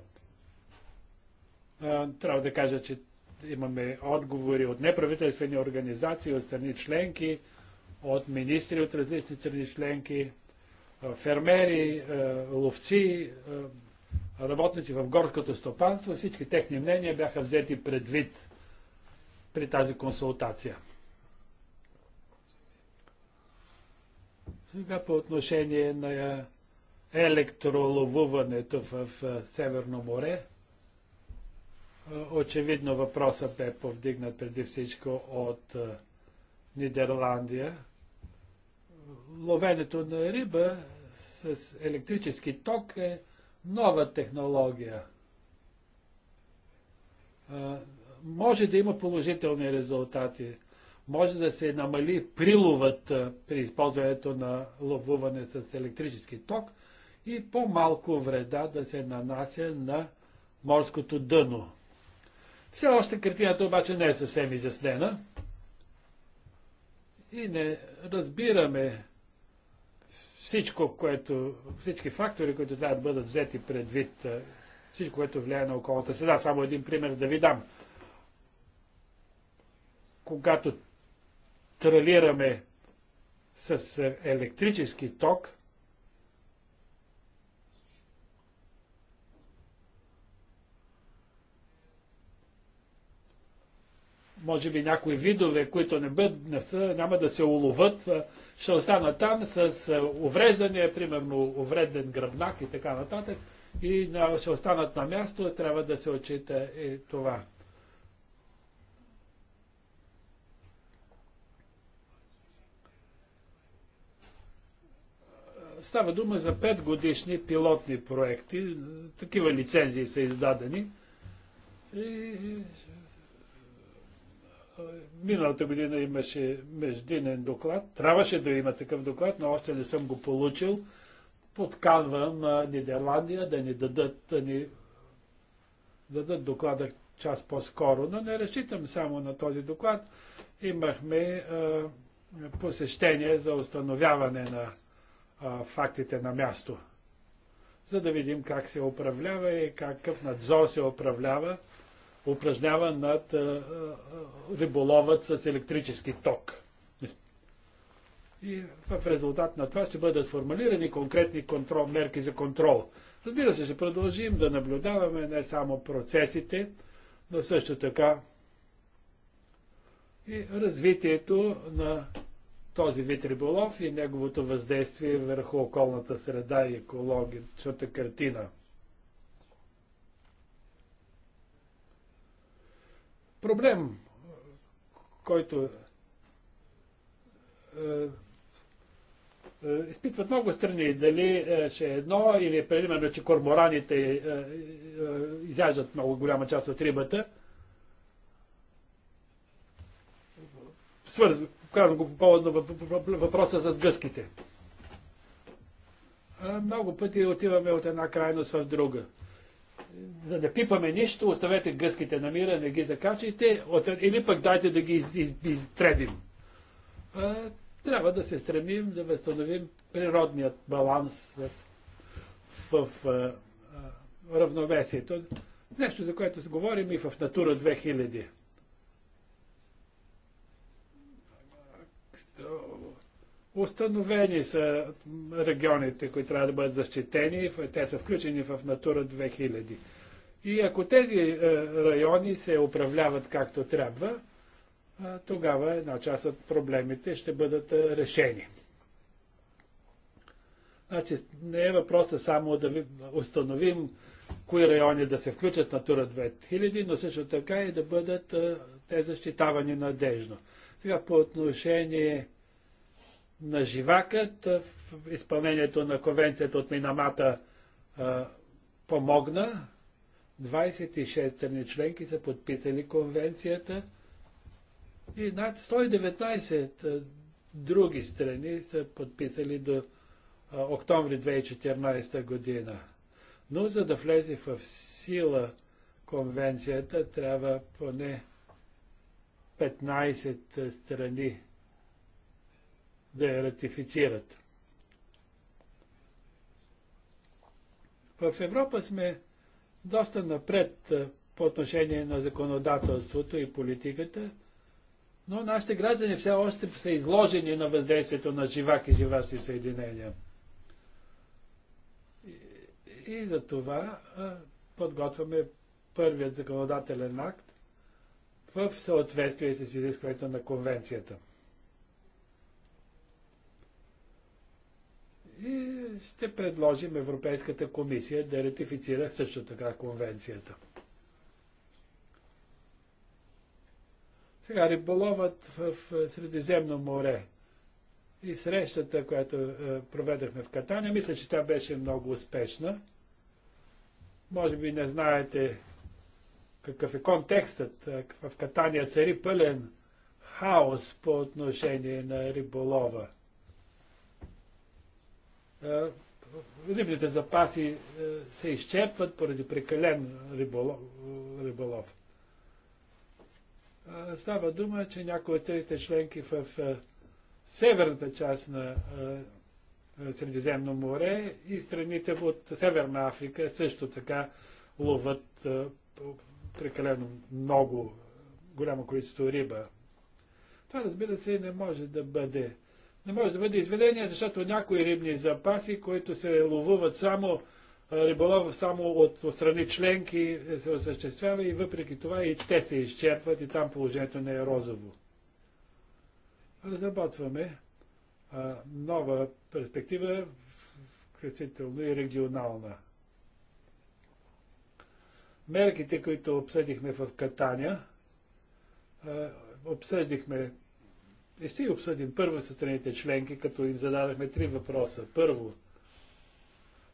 Е, трябва да кажа, че имаме отговори от неправителствени организации, от страни членки, от министри от различни страни членки, е, фермери, е, ловци, е, работници в горското стопанство, всички техни мнения бяха взети предвид при тази консултация. Сега по отношение на електроловуването в Северно море, очевидно въпросът бе повдигнат преди всичко от Нидерландия, ловенето на риба с електрически ток е нова технология. Може да има положителни резултати. Може да се намали приловът при използването на ловуване с електрически ток и по-малко вреда да се нанася на морското дъно. Все още картината обаче не е съвсем изяснена и не разбираме всичко, което, всички фактори, които трябва да бъдат взети предвид, всичко, което влияе на околната среда. Само един пример да ви дам. Когато тралираме с електрически ток, може би някои видове, които не бъд, не са, няма да се уловат, ще останат там с увреждане, примерно увреден гръбнак и така нататък, и ще останат на място, трябва да се отчита и това. Става дума за 5 годишни пилотни проекти. Такива лицензии са издадени. И Миналата година имаше междинен доклад. Трябваше да има такъв доклад, но още не съм го получил. Подканвам Нидерландия да ни дадат, да ни дадат доклада час по-скоро, но не разчитам само на този доклад. Имахме а, посещение за установяване на а, фактите на място, за да видим как се управлява и какъв надзор се управлява упражнява над риболовът с електрически ток. И в резултат на това ще бъдат формулирани конкретни контрол, мерки за контрол. Разбира се, ще продължим да наблюдаваме не само процесите, но също така и развитието на този вид риболов и неговото въздействие върху околната среда и екологичната картина. проблем, който е, е, изпитват много страни, дали е, ще е едно или е примерно, че кормораните е, е, изяждат много голяма част от рибата. Свързвам, казвам го по повод на въпроса с гъските. Много пъти отиваме от една крайност в друга за да пипаме нищо, оставете гъските на мира, не ги закачайте, или пък дайте да ги изтребим. трябва да се стремим да възстановим природният баланс в, в, в равновесието. Нещо, за което се говорим и в Натура 2000. Установени са регионите, които трябва да бъдат защитени, те са включени в Натура 2000. И ако тези е, райони се управляват както трябва, е, тогава една част от проблемите ще бъдат е, решени. Значи не е въпроса само да ви установим кои райони да се включат на Тура 2000, но също така и да бъдат те защитавани надежно. Сега по отношение на живакът е, в изпълнението на конвенцията от Минамата а, е, помогна. 26 страни членки са подписали конвенцията и над 119 е, други страни са подписали до а, октомври 2014 година. Но за да влезе в сила конвенцията, трябва поне 15 страни да я ратифицират. В Европа сме доста напред по отношение на законодателството и политиката, но нашите граждани все още са изложени на въздействието на живак и живащи съединения. И, за това подготвяме първият законодателен акт в съответствие с изискването на конвенцията. И ще предложим Европейската комисия да ратифицира също така конвенцията. Сега риболовът в Средиземно море и срещата, която е, проведахме в Катания, мисля, че тя беше много успешна. Може би не знаете какъв е контекстът. Е, в Катания цари пълен хаос по отношение на риболова – е, рибните запаси е, се изчерпват поради прекален риболов. риболов. Е, става дума, че някои от целите членки в северната част на Средиземно море и страните от Северна Африка също така ловат прекалено много, голямо количество риба. Това, разбира се, не може да бъде не може да бъде изведение, защото някои рибни запаси, които се ловуват само, риболов само от страни членки е, се осъществява и въпреки това и те се изчерпват и там положението не е розово. Разработваме а, нова перспектива, включително и регионална. Мерките, които обсъдихме в Катания, обсъдихме и ще обсъдим първо с страните членки, като им зададахме три въпроса. Първо,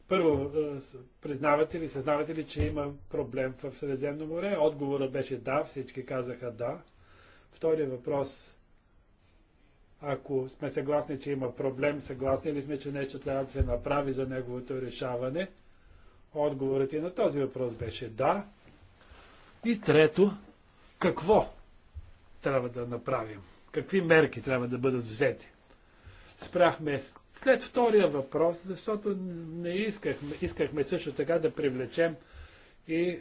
първо, е, признавате ли, съзнавате ли, че има проблем в Средиземно море? Отговорът беше да, всички казаха да. Втория въпрос, ако сме съгласни, че има проблем, съгласни ли сме, че нещо трябва да се направи за неговото решаване? Отговорът и на този въпрос беше да. И трето, какво трябва да направим? какви мерки трябва да бъдат взети. спрахме след втория въпрос, защото не искахме, искахме също така да привлечем и е,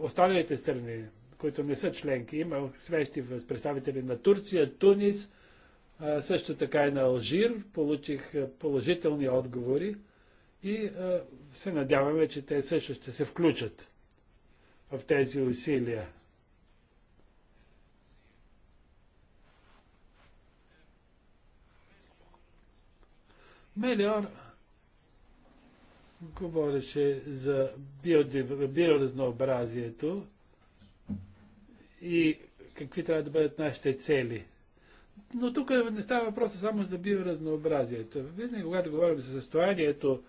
останалите страни, които не са членки. Има свещи с представители на Турция, Тунис, е, също така и на Алжир. Получих е, положителни отговори и се надяваме, че те също ще се включат в тези усилия. Мелиор говореше за биоразнообразието и какви трябва да бъдат нашите цели. Но тук не става въпрос само за биоразнообразието. Винаги, когато говорим за състоянието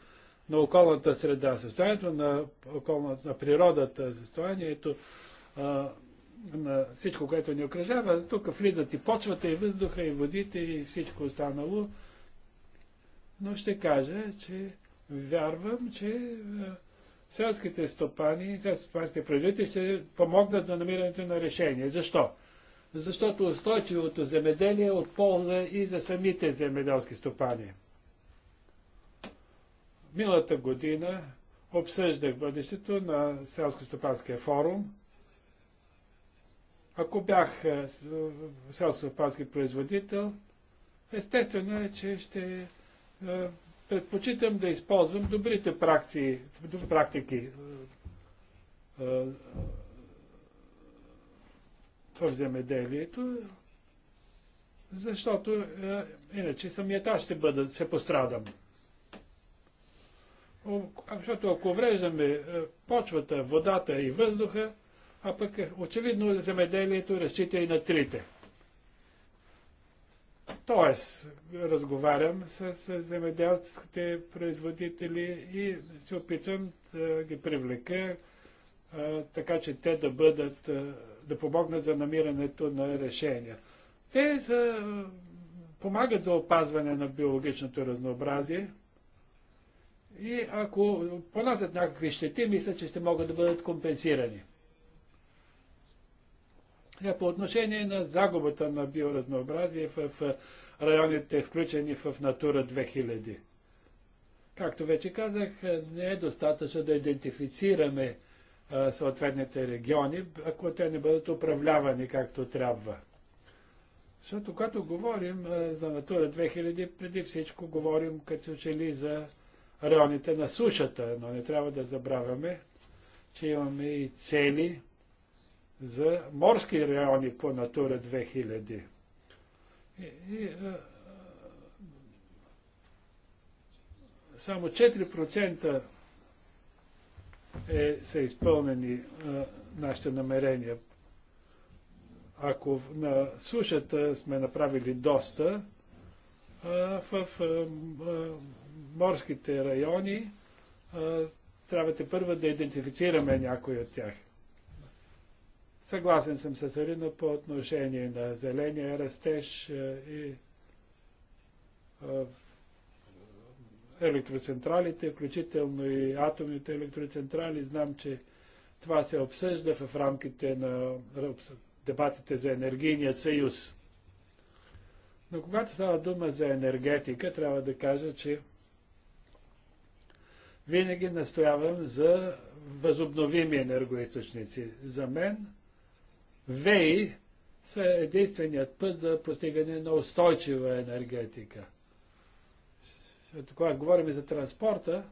на околната среда, състоянието на, околната, на природата, състоянието а, на всичко, което ни окръжава, тук влизат и почвата, и въздуха, и водите, и всичко останало но ще кажа, че вярвам, че е, селските стопани, селските производители ще помогнат за намирането на решение. Защо? Защото устойчивото земеделие е от полза и за самите земеделски стопани. Миналата година обсъждах бъдещето на селско-стопанския форум. Ако бях е, е, селско-стопански производител, естествено е, че ще е, предпочитам да използвам добрите практики, практики е, е, в земеделието, защото иначе самият аз ще бъда, ще пострадам. защото ако вреждаме почвата, водата и въздуха, а пък очевидно земеделието разчита и на трите – Тоест, разговарям с земеделските производители и се опитвам да ги привлека, така че те да бъдат, да помогнат за намирането на решения. Те са, помагат за опазване на биологичното разнообразие и ако понасят някакви щети, мисля, че ще могат да бъдат компенсирани. Е, по отношение на загубата на биоразнообразие в, районите, включени в Натура 2000. Както вече казах, не е достатъчно да идентифицираме съответните региони, ако те не бъдат управлявани както трябва. Защото когато говорим за Натура 2000, преди всичко говорим като че ли за районите на сушата, но не трябва да забравяме, че имаме и цели за морски райони по Натура 2000. И, и, е, само 4% е, са изпълнени е, нашите намерения. Ако на сушата сме направили доста, е, в морските райони а, трябва те първо да идентифицираме някои от тях. Съгласен съм с Арино по отношение на зеления растеж е, и е, електроцентралите, включително и атомните електроцентрали. Знам, че това се обсъжда в рамките на дебатите за енергийния съюз. Но когато става дума за енергетика, трябва да кажа, че винаги настоявам за възобновими енергоисточници. За мен ВЕИ са единственият път за постигане на устойчива енергетика. Защото когато говорим за транспорта,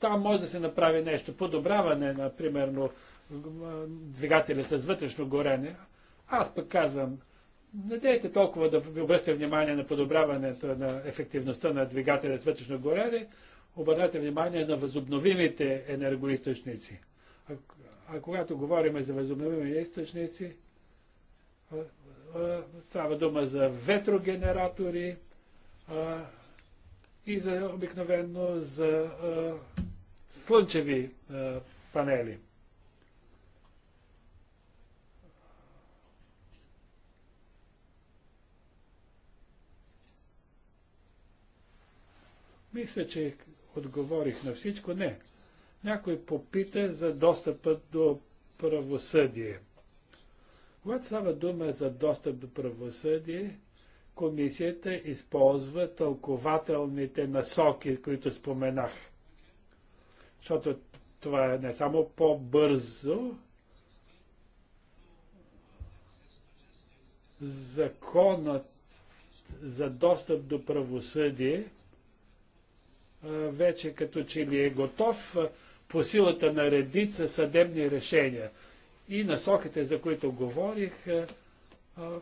там може да се направи нещо. Подобряване, например, двигатели с вътрешно горене. Аз пък казвам, не дейте толкова да ви обръщате внимание на подобряването на ефективността на двигателя с вътрешно горене, обърнете внимание на възобновимите енергоисточници. А когато говорим за възобновими източници, става дума за ветрогенератори и за обикновено за слънчеви панели. Мисля, че отговорих на всичко. Не. Някой попита за достъпът до правосъдие. Когато става дума за достъп до правосъдие, комисията използва тълкователните насоки, които споменах. Защото това е не само по-бързо, законът за достъп до правосъдие вече като че ли е готов, по силата на редица съдебни решения. И насоките, за които говорих,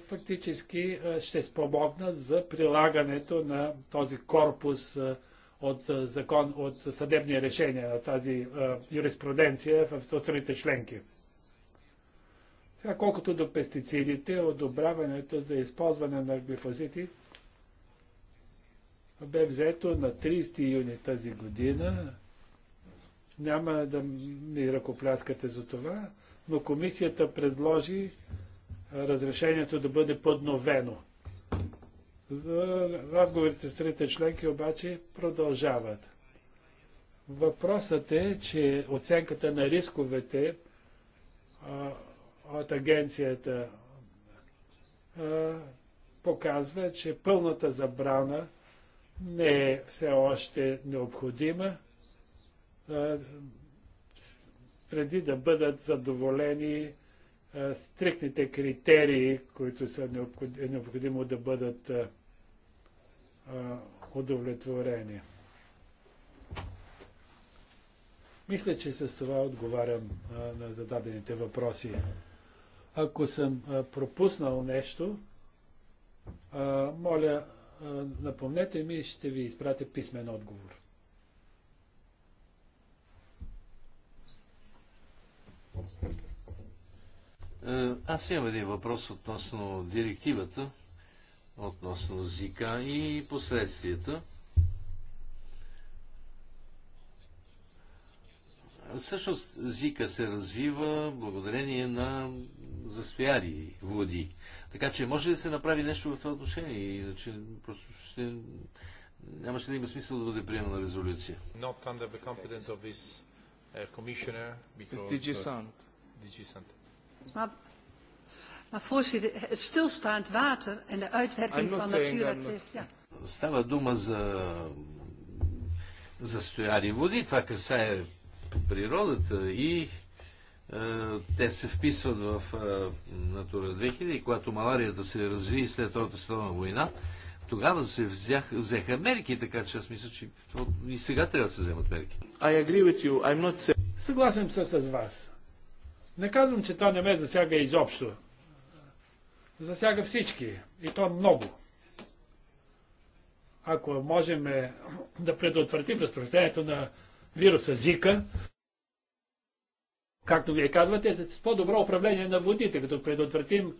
фактически ще спомогнат за прилагането на този корпус от закон, от съдебни решения на тази юриспруденция в страните членки. Сега, колкото до пестицидите, одобряването за използване на глифозити бе взето на 30 юни тази година няма да ми ръкопляскате за това, но комисията предложи разрешението да бъде подновено. разговорите с трите членки обаче продължават. Въпросът е, че оценката на рисковете от агенцията показва, че пълната забрана не е все още необходима преди да бъдат задоволени стриктните критерии, които са е необходимо да бъдат удовлетворени. Мисля, че с това отговарям на зададените въпроси. Ако съм пропуснал нещо, моля, напомнете ми, ще ви изпратя писмен отговор. Е, аз имам един въпрос относно директивата, относно ЗИКА и последствията. Всъщност ЗИКА се развива благодарение на застояли води. Така че може ли да се направи нещо в това отношение? Иначе просто ще... нямаше да има смисъл да бъде приемана резолюция. Not under the competence of this Uh, commissioner, because... DG Sant. DG Sant. Maar, maar voorzitter, het stilstaand water en de uitwerking van Natura... Ja. Става дума за застояни води. Това касае природата и е, те се вписват в е, Натура 2000, и когато маларията се разви след Втората световна война, тогава се взях, взеха мерки, така че аз мисля, че и сега трябва да се вземат мерки. I agree with you. I'm not... Съгласен съм с вас. Не казвам, че това не ме засяга изобщо. Засяга всички. И то много. Ако можем е, да предотвратим разпространението на вируса Зика, както вие казвате, с по-добро управление на водите, като предотвратим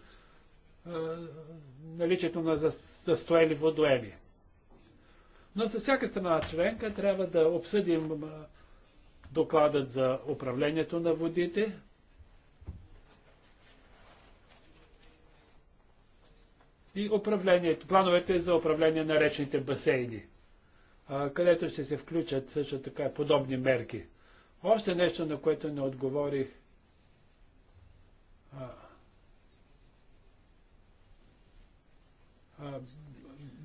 е, наличието на застоели водоеми. Но за всяка страна членка трябва да обсъдим докладът за управлението на водите. И управлението, плановете за управление на речните басейни, където ще се включат също така подобни мерки. Още нещо, на което не отговорих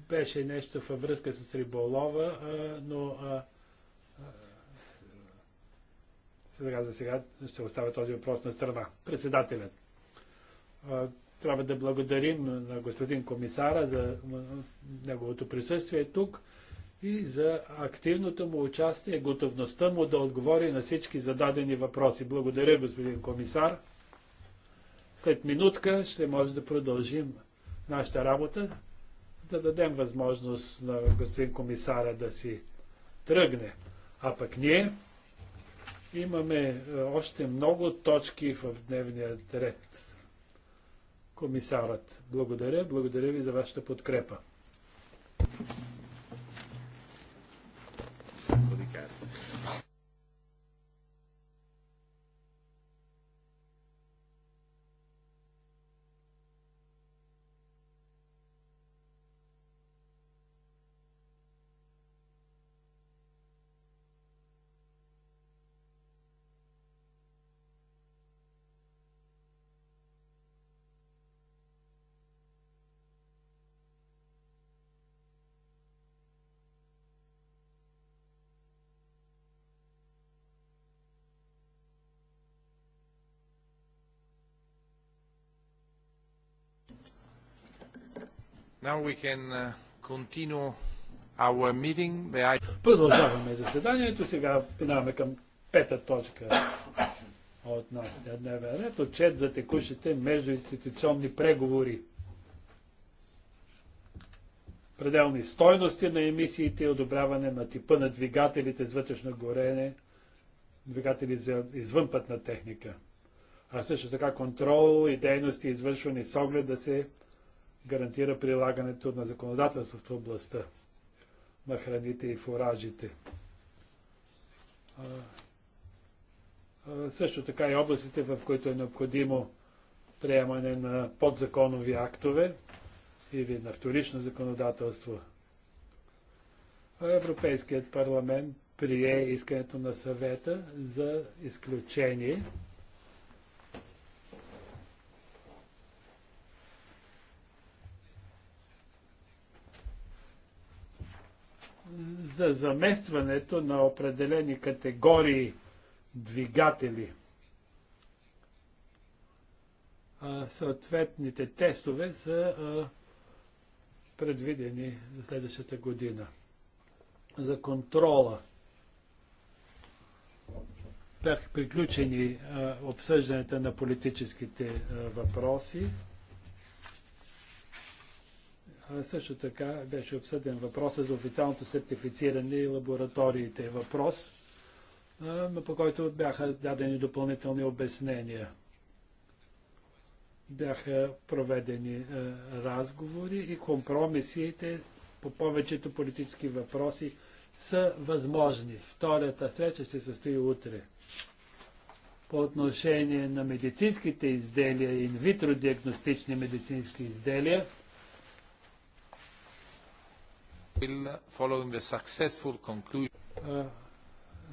беше нещо във връзка с риболова, а, но а, сега за сега ще оставя този въпрос на страна. Председателят. Трябва да благодарим на господин комисара за неговото присъствие тук и за активното му участие, готовността му да отговори на всички зададени въпроси. Благодаря, господин комисар. След минутка ще може да продължим нашата работа да дадем възможност на господин комисара да си тръгне. А пък ние имаме е, още много точки в дневния ред. Комисарът, благодаря, благодаря ви за вашата подкрепа. Символиката. Uh, Продължаваме заседанието. Сега минаваме към пета точка от нашия дневен ред. Отчет за текущите междуинституционни преговори. Пределни стойности на емисиите и одобряване на типа на двигателите с вътрешно горене, двигатели за извънпътна техника. А също така контрол и дейности, извършвани с оглед да се гарантира прилагането на законодателството в областта на храните и фуражите. също така и областите, в които е необходимо приемане на подзаконови актове или на вторично законодателство. Европейският парламент прие искането на съвета за изключение за заместването на определени категории двигатели. А, съответните тестове са а, предвидени за следващата година. За контрола бяха приключени а, обсъжданията на политическите а, въпроси. Също така беше обсъден въпроса за официалното сертифициране и лабораториите. Въпрос, по който бяха дадени допълнителни обяснения. Бяха проведени разговори и компромисите по повечето политически въпроси са възможни. Втората среща ще се състои утре. По отношение на медицинските изделия, инвитро диагностични медицински изделия –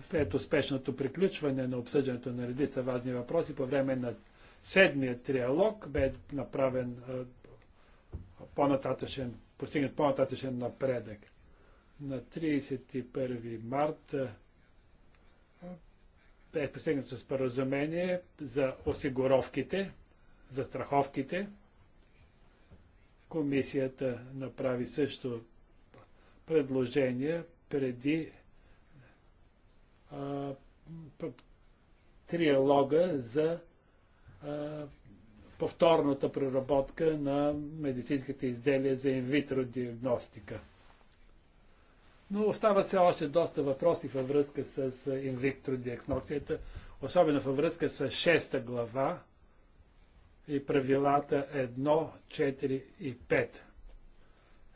след успешното приключване на обсъждането на редица важни въпроси по време на седмия триалог бе направен по-нататъчен, постигнат по-нататъчен напредък. На 31 март Бе постигнато споразумение за осигуровките, за страховките. Комисията направи също предложения преди а, триалога за а, повторната преработка на медицинските изделия за инвитро диагностика. Но остават все още доста въпроси във връзка с инвитро диагностиката, особено във връзка с шеста глава и правилата 1, 4 и 5.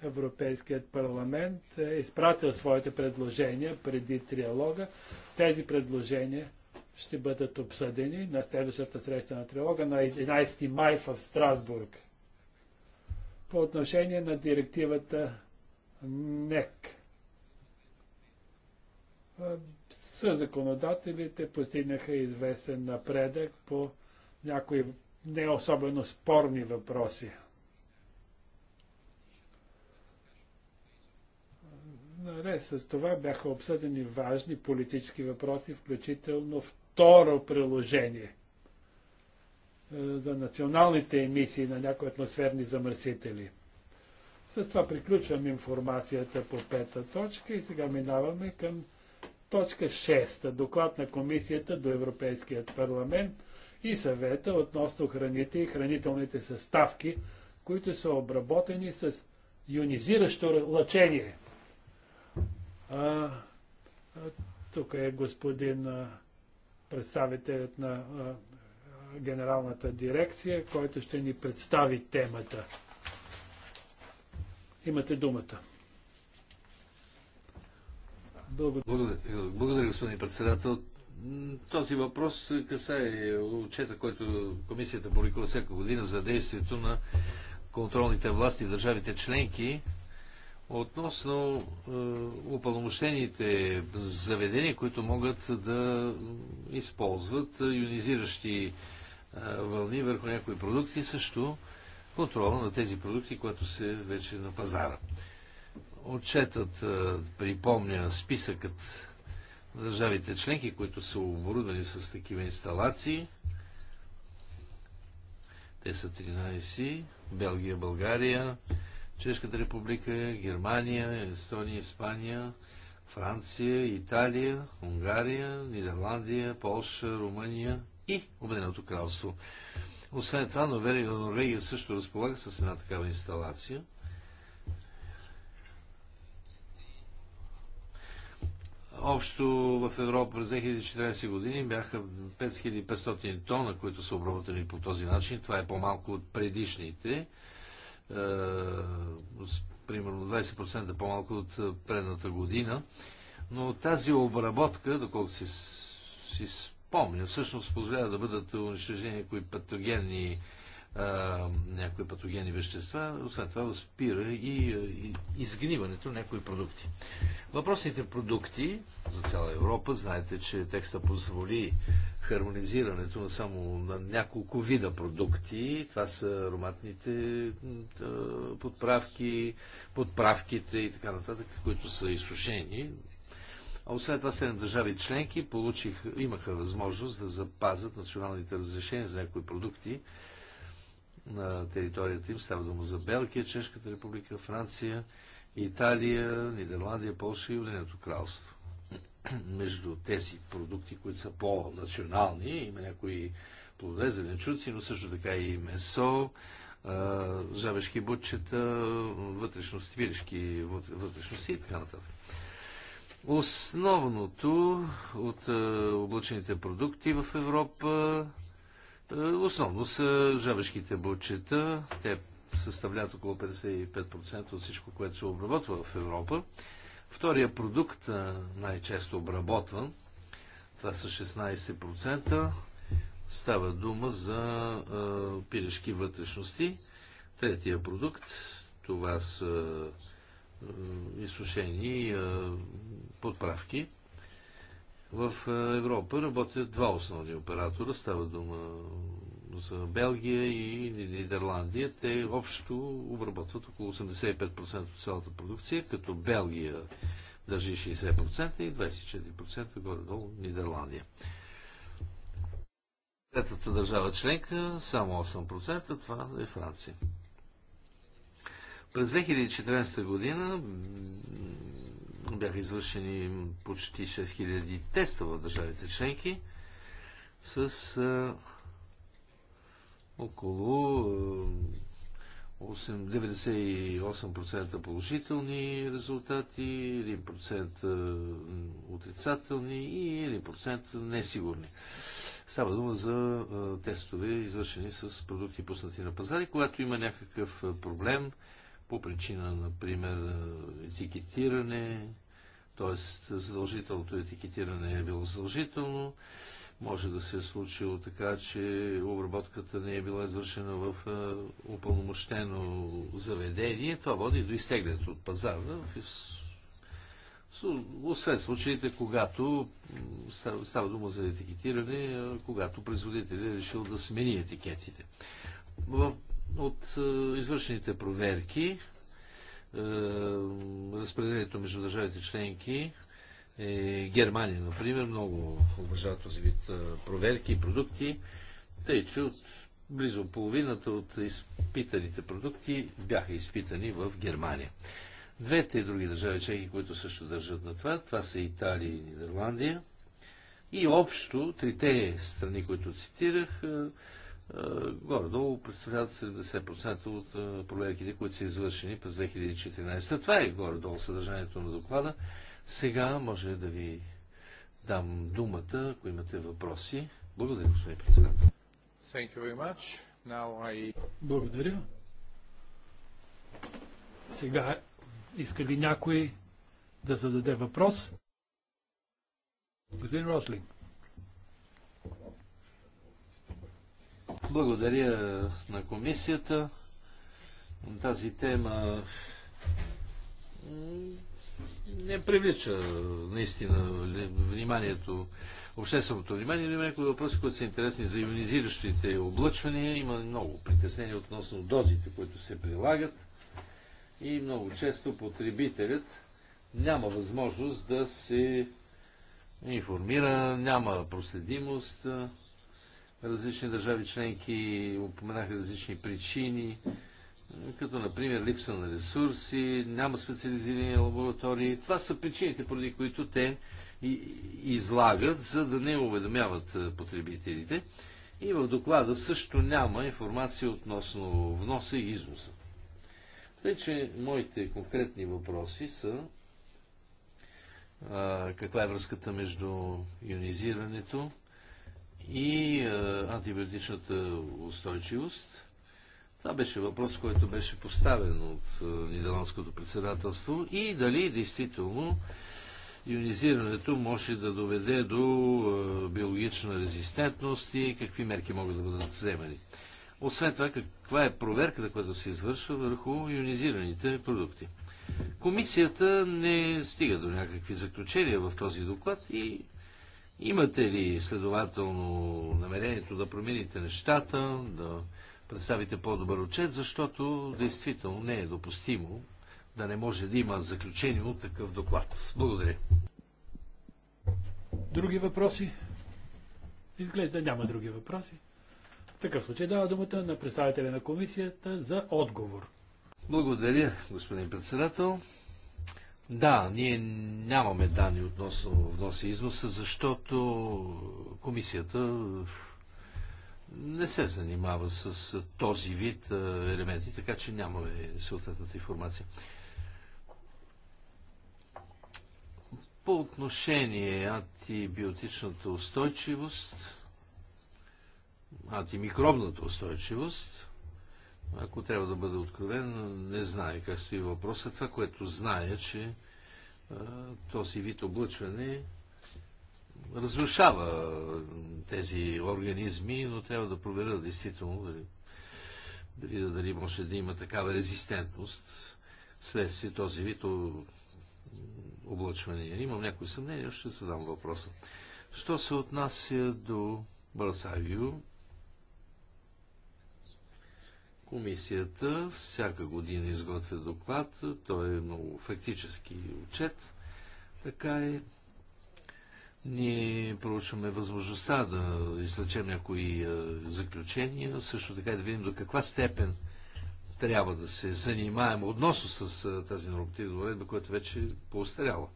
Европейският парламент е изпратил своите предложения преди триалога. Тези предложения ще бъдат обсъдени на следващата среща на триалога на 11 май в Страсбург. По отношение на директивата НЕК. Със законодателите постигнаха известен напредък по някои не особено спорни въпроси. Наред с това бяха обсъдени важни политически въпроси, включително второ приложение е, за националните емисии на някои атмосферни замърсители. С това приключвам информацията по пета точка и сега минаваме към точка 6. Доклад на комисията до Европейският парламент и съвета относно храните и хранителните съставки, които са обработени с ионизиращо лъчение. А, тук е господин а, представителят на а, генералната дирекция, който ще ни представи темата. Имате думата. Благодаря, Благодаря господин председател. Този въпрос касае отчета, който комисията публикува всяка година за действието на контролните власти в държавите членки относно е, упълномощените заведения, които могат да използват ионизиращи е, вълни върху някои продукти, също контрола на тези продукти, които се вече на пазара. Отчетът е, припомня списъкът на държавите членки, които са оборудвани с такива инсталации. Те са 13. Белгия, България, Чешката република, Германия, Естония, Испания, Франция, Италия, Унгария, Нидерландия, Полша, Румъния и Обединеното кралство. Освен това, Норвегия също разполага с една такава инсталация. Общо в Европа през 2014 години бяха 5500 тона, които са обработени по този начин. Това е по-малко от предишните. Е, с примерно 20% по-малко от е, предната година. Но тази обработка, доколкото си, си спомня, всъщност позволява да бъдат унищожени някои патогенни някои патогени вещества, освен това спира и, и изгниването на някои продукти. Въпросните продукти за цяла Европа, знаете, че текста позволи хармонизирането на само на няколко вида продукти. Това са ароматните подправки, подправките и така нататък, които са изсушени, а освен това седем държави членки получих, имаха възможност да запазят националните разрешения за някои продукти на територията им. Става дума за Белгия, Чешката република, Франция, Италия, Нидерландия, Польша и Обединеното кралство. Между тези продукти, които са по-национални, има някои плодове, зеленчуци, но също така и месо, жабешки бутчета, вътрешности, вилешки вътрешности и така нататък. Основното от облъчените продукти в Европа е, основно са жабешките бълчета, Те съставляват около 55% от всичко, което се обработва в Европа. Втория продукт, е, най-често обработван, това са 16%. Става дума за а, е, пилешки вътрешности. Третия продукт, това са а, изсушени а, подправки. В е, Европа работят два основни оператора. Става дума за Белгия и Нидерландия. Те общо обработват около 85% от цялата продукция, като Белгия държи 60% и 24% горе-долу Нидерландия. Третата държава членка само 8%, това е Франция. През 2014 година бяха извършени почти 6000 теста в държавите членки с около 98% положителни резултати, 1% отрицателни и 1% несигурни. Става дума за тестове, извършени с продукти пуснати на пазари. Когато има някакъв проблем, по причина, например, етикетиране, т.е. задължителното етикетиране е било задължително. Може да се е случило така, че обработката не е била извършена в е, упълномощено заведение. Това води до изтеглянето от пазара. Освен случаите, когато става, дума за етикетиране, е, когато производителят е решил да смени етикетите. От е, извършените проверки, е, разпределението между държавите членки е Германия, например, много уважава този вид е, проверки и продукти, тъй че от близо половината от изпитаните продукти бяха изпитани в Германия. Двете и други държави членки, които също държат на това, това са Италия и Нидерландия. И общо трите страни, които цитирах, е, горе-долу представляват 70% от е, проверките, които са извършени през 2014. Това е горе-долу съдържанието на доклада. Сега може да ви дам думата, ако имате въпроси. Благодаря, господин председател. I... Благодаря. Сега иска ли някой да зададе въпрос? Господин Рослинг. Благодаря на комисията. Тази тема не привлича наистина вниманието, общественото внимание, но има някои въпроси, които са интересни за ионизиращите облъчвания. Има много притеснения относно дозите, които се прилагат и много често потребителят няма възможност да се информира, няма проследимост. Различни държави членки упоменаха различни причини, като например липса на ресурси, няма специализирани лаборатории. Това са причините, поради които те излагат, за да не уведомяват потребителите. И в доклада също няма информация относно вноса и износа. Тъй, че моите конкретни въпроси са а, каква е връзката между ионизирането и антибиотичната устойчивост. Това беше въпрос, който беше поставен от Нидерландското председателство и дали действително ионизирането може да доведе до биологична резистентност и какви мерки могат да бъдат вземани. Освен това, каква е проверката, която се извършва върху ионизираните продукти. Комисията не стига до някакви заключения в този доклад и Имате ли следователно намерението да промените нещата, да представите по-добър отчет, защото действително не е допустимо да не може да има заключение от такъв доклад. Благодаря. Други въпроси? Изглежда няма други въпроси. В такъв случай дава думата на представителя на комисията за отговор. Благодаря, господин председател. Да, ние нямаме данни относно вноса и износа, защото комисията не се занимава с този вид елементи, така че нямаме съответната информация. По отношение антибиотичната устойчивост, антимикробната устойчивост, ако трябва да бъде откровен, не знае как стои въпроса. Това, което знае, че този вид облъчване разрушава тези организми, но трябва да проверя действително да видя дали може да има такава резистентност следствие този вид облъчване. Имам някои съмнения, ще задам въпроса. Що се отнася до Барсавио, Комисията всяка година изготвя доклад, той е много фактически отчет. Така е. Ние проучваме възможността да излечем някои заключения, също така да видим до каква степен трябва да се занимаем относно с тази нормативна уредба, която вече е поостаряла.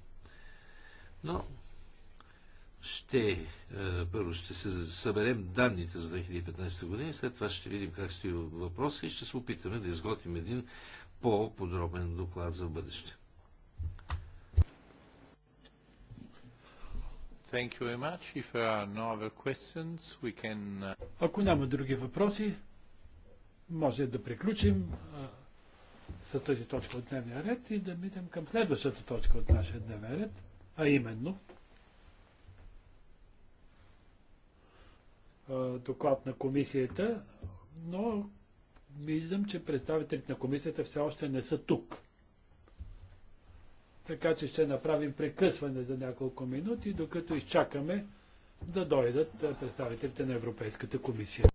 Но ще, е, първо ще се съберем данните за 2015 година и след това ще видим как стои въпроса и ще се опитаме да изготвим един по-подробен доклад за бъдеще. No can... Ако няма други въпроси, може да приключим а, с тази точка от дневния ред и да минем към следващата точка от нашия дневен ред, а именно доклад на комисията, но виждам, че представителите на комисията все още не са тук. Така че ще направим прекъсване за няколко минути, докато изчакаме да дойдат представителите на Европейската комисия.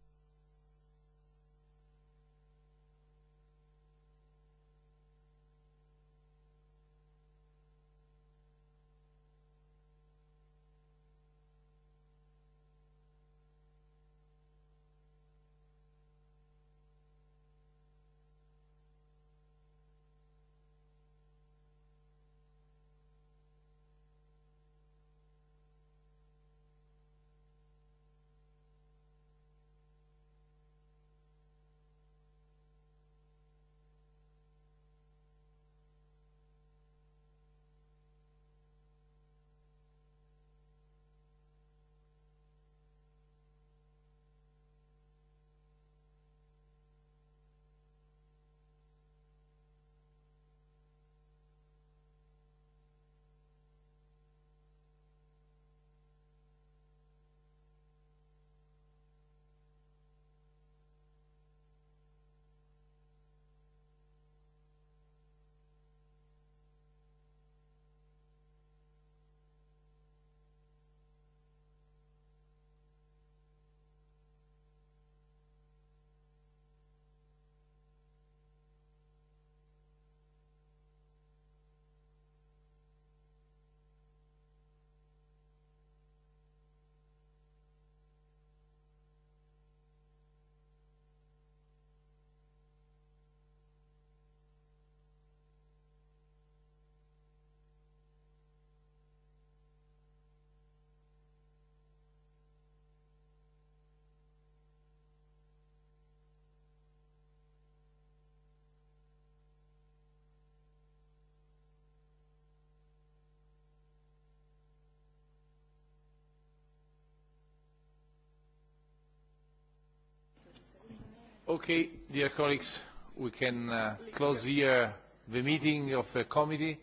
Okay, dear colleagues, we can uh, close here the meeting of the committee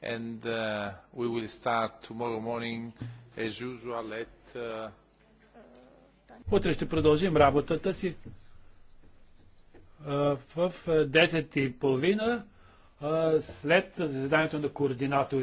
and uh, we will start tomorrow morning as usual at... Uh... Утре ще продължим работата си в 10.30 след заседанието на координатори.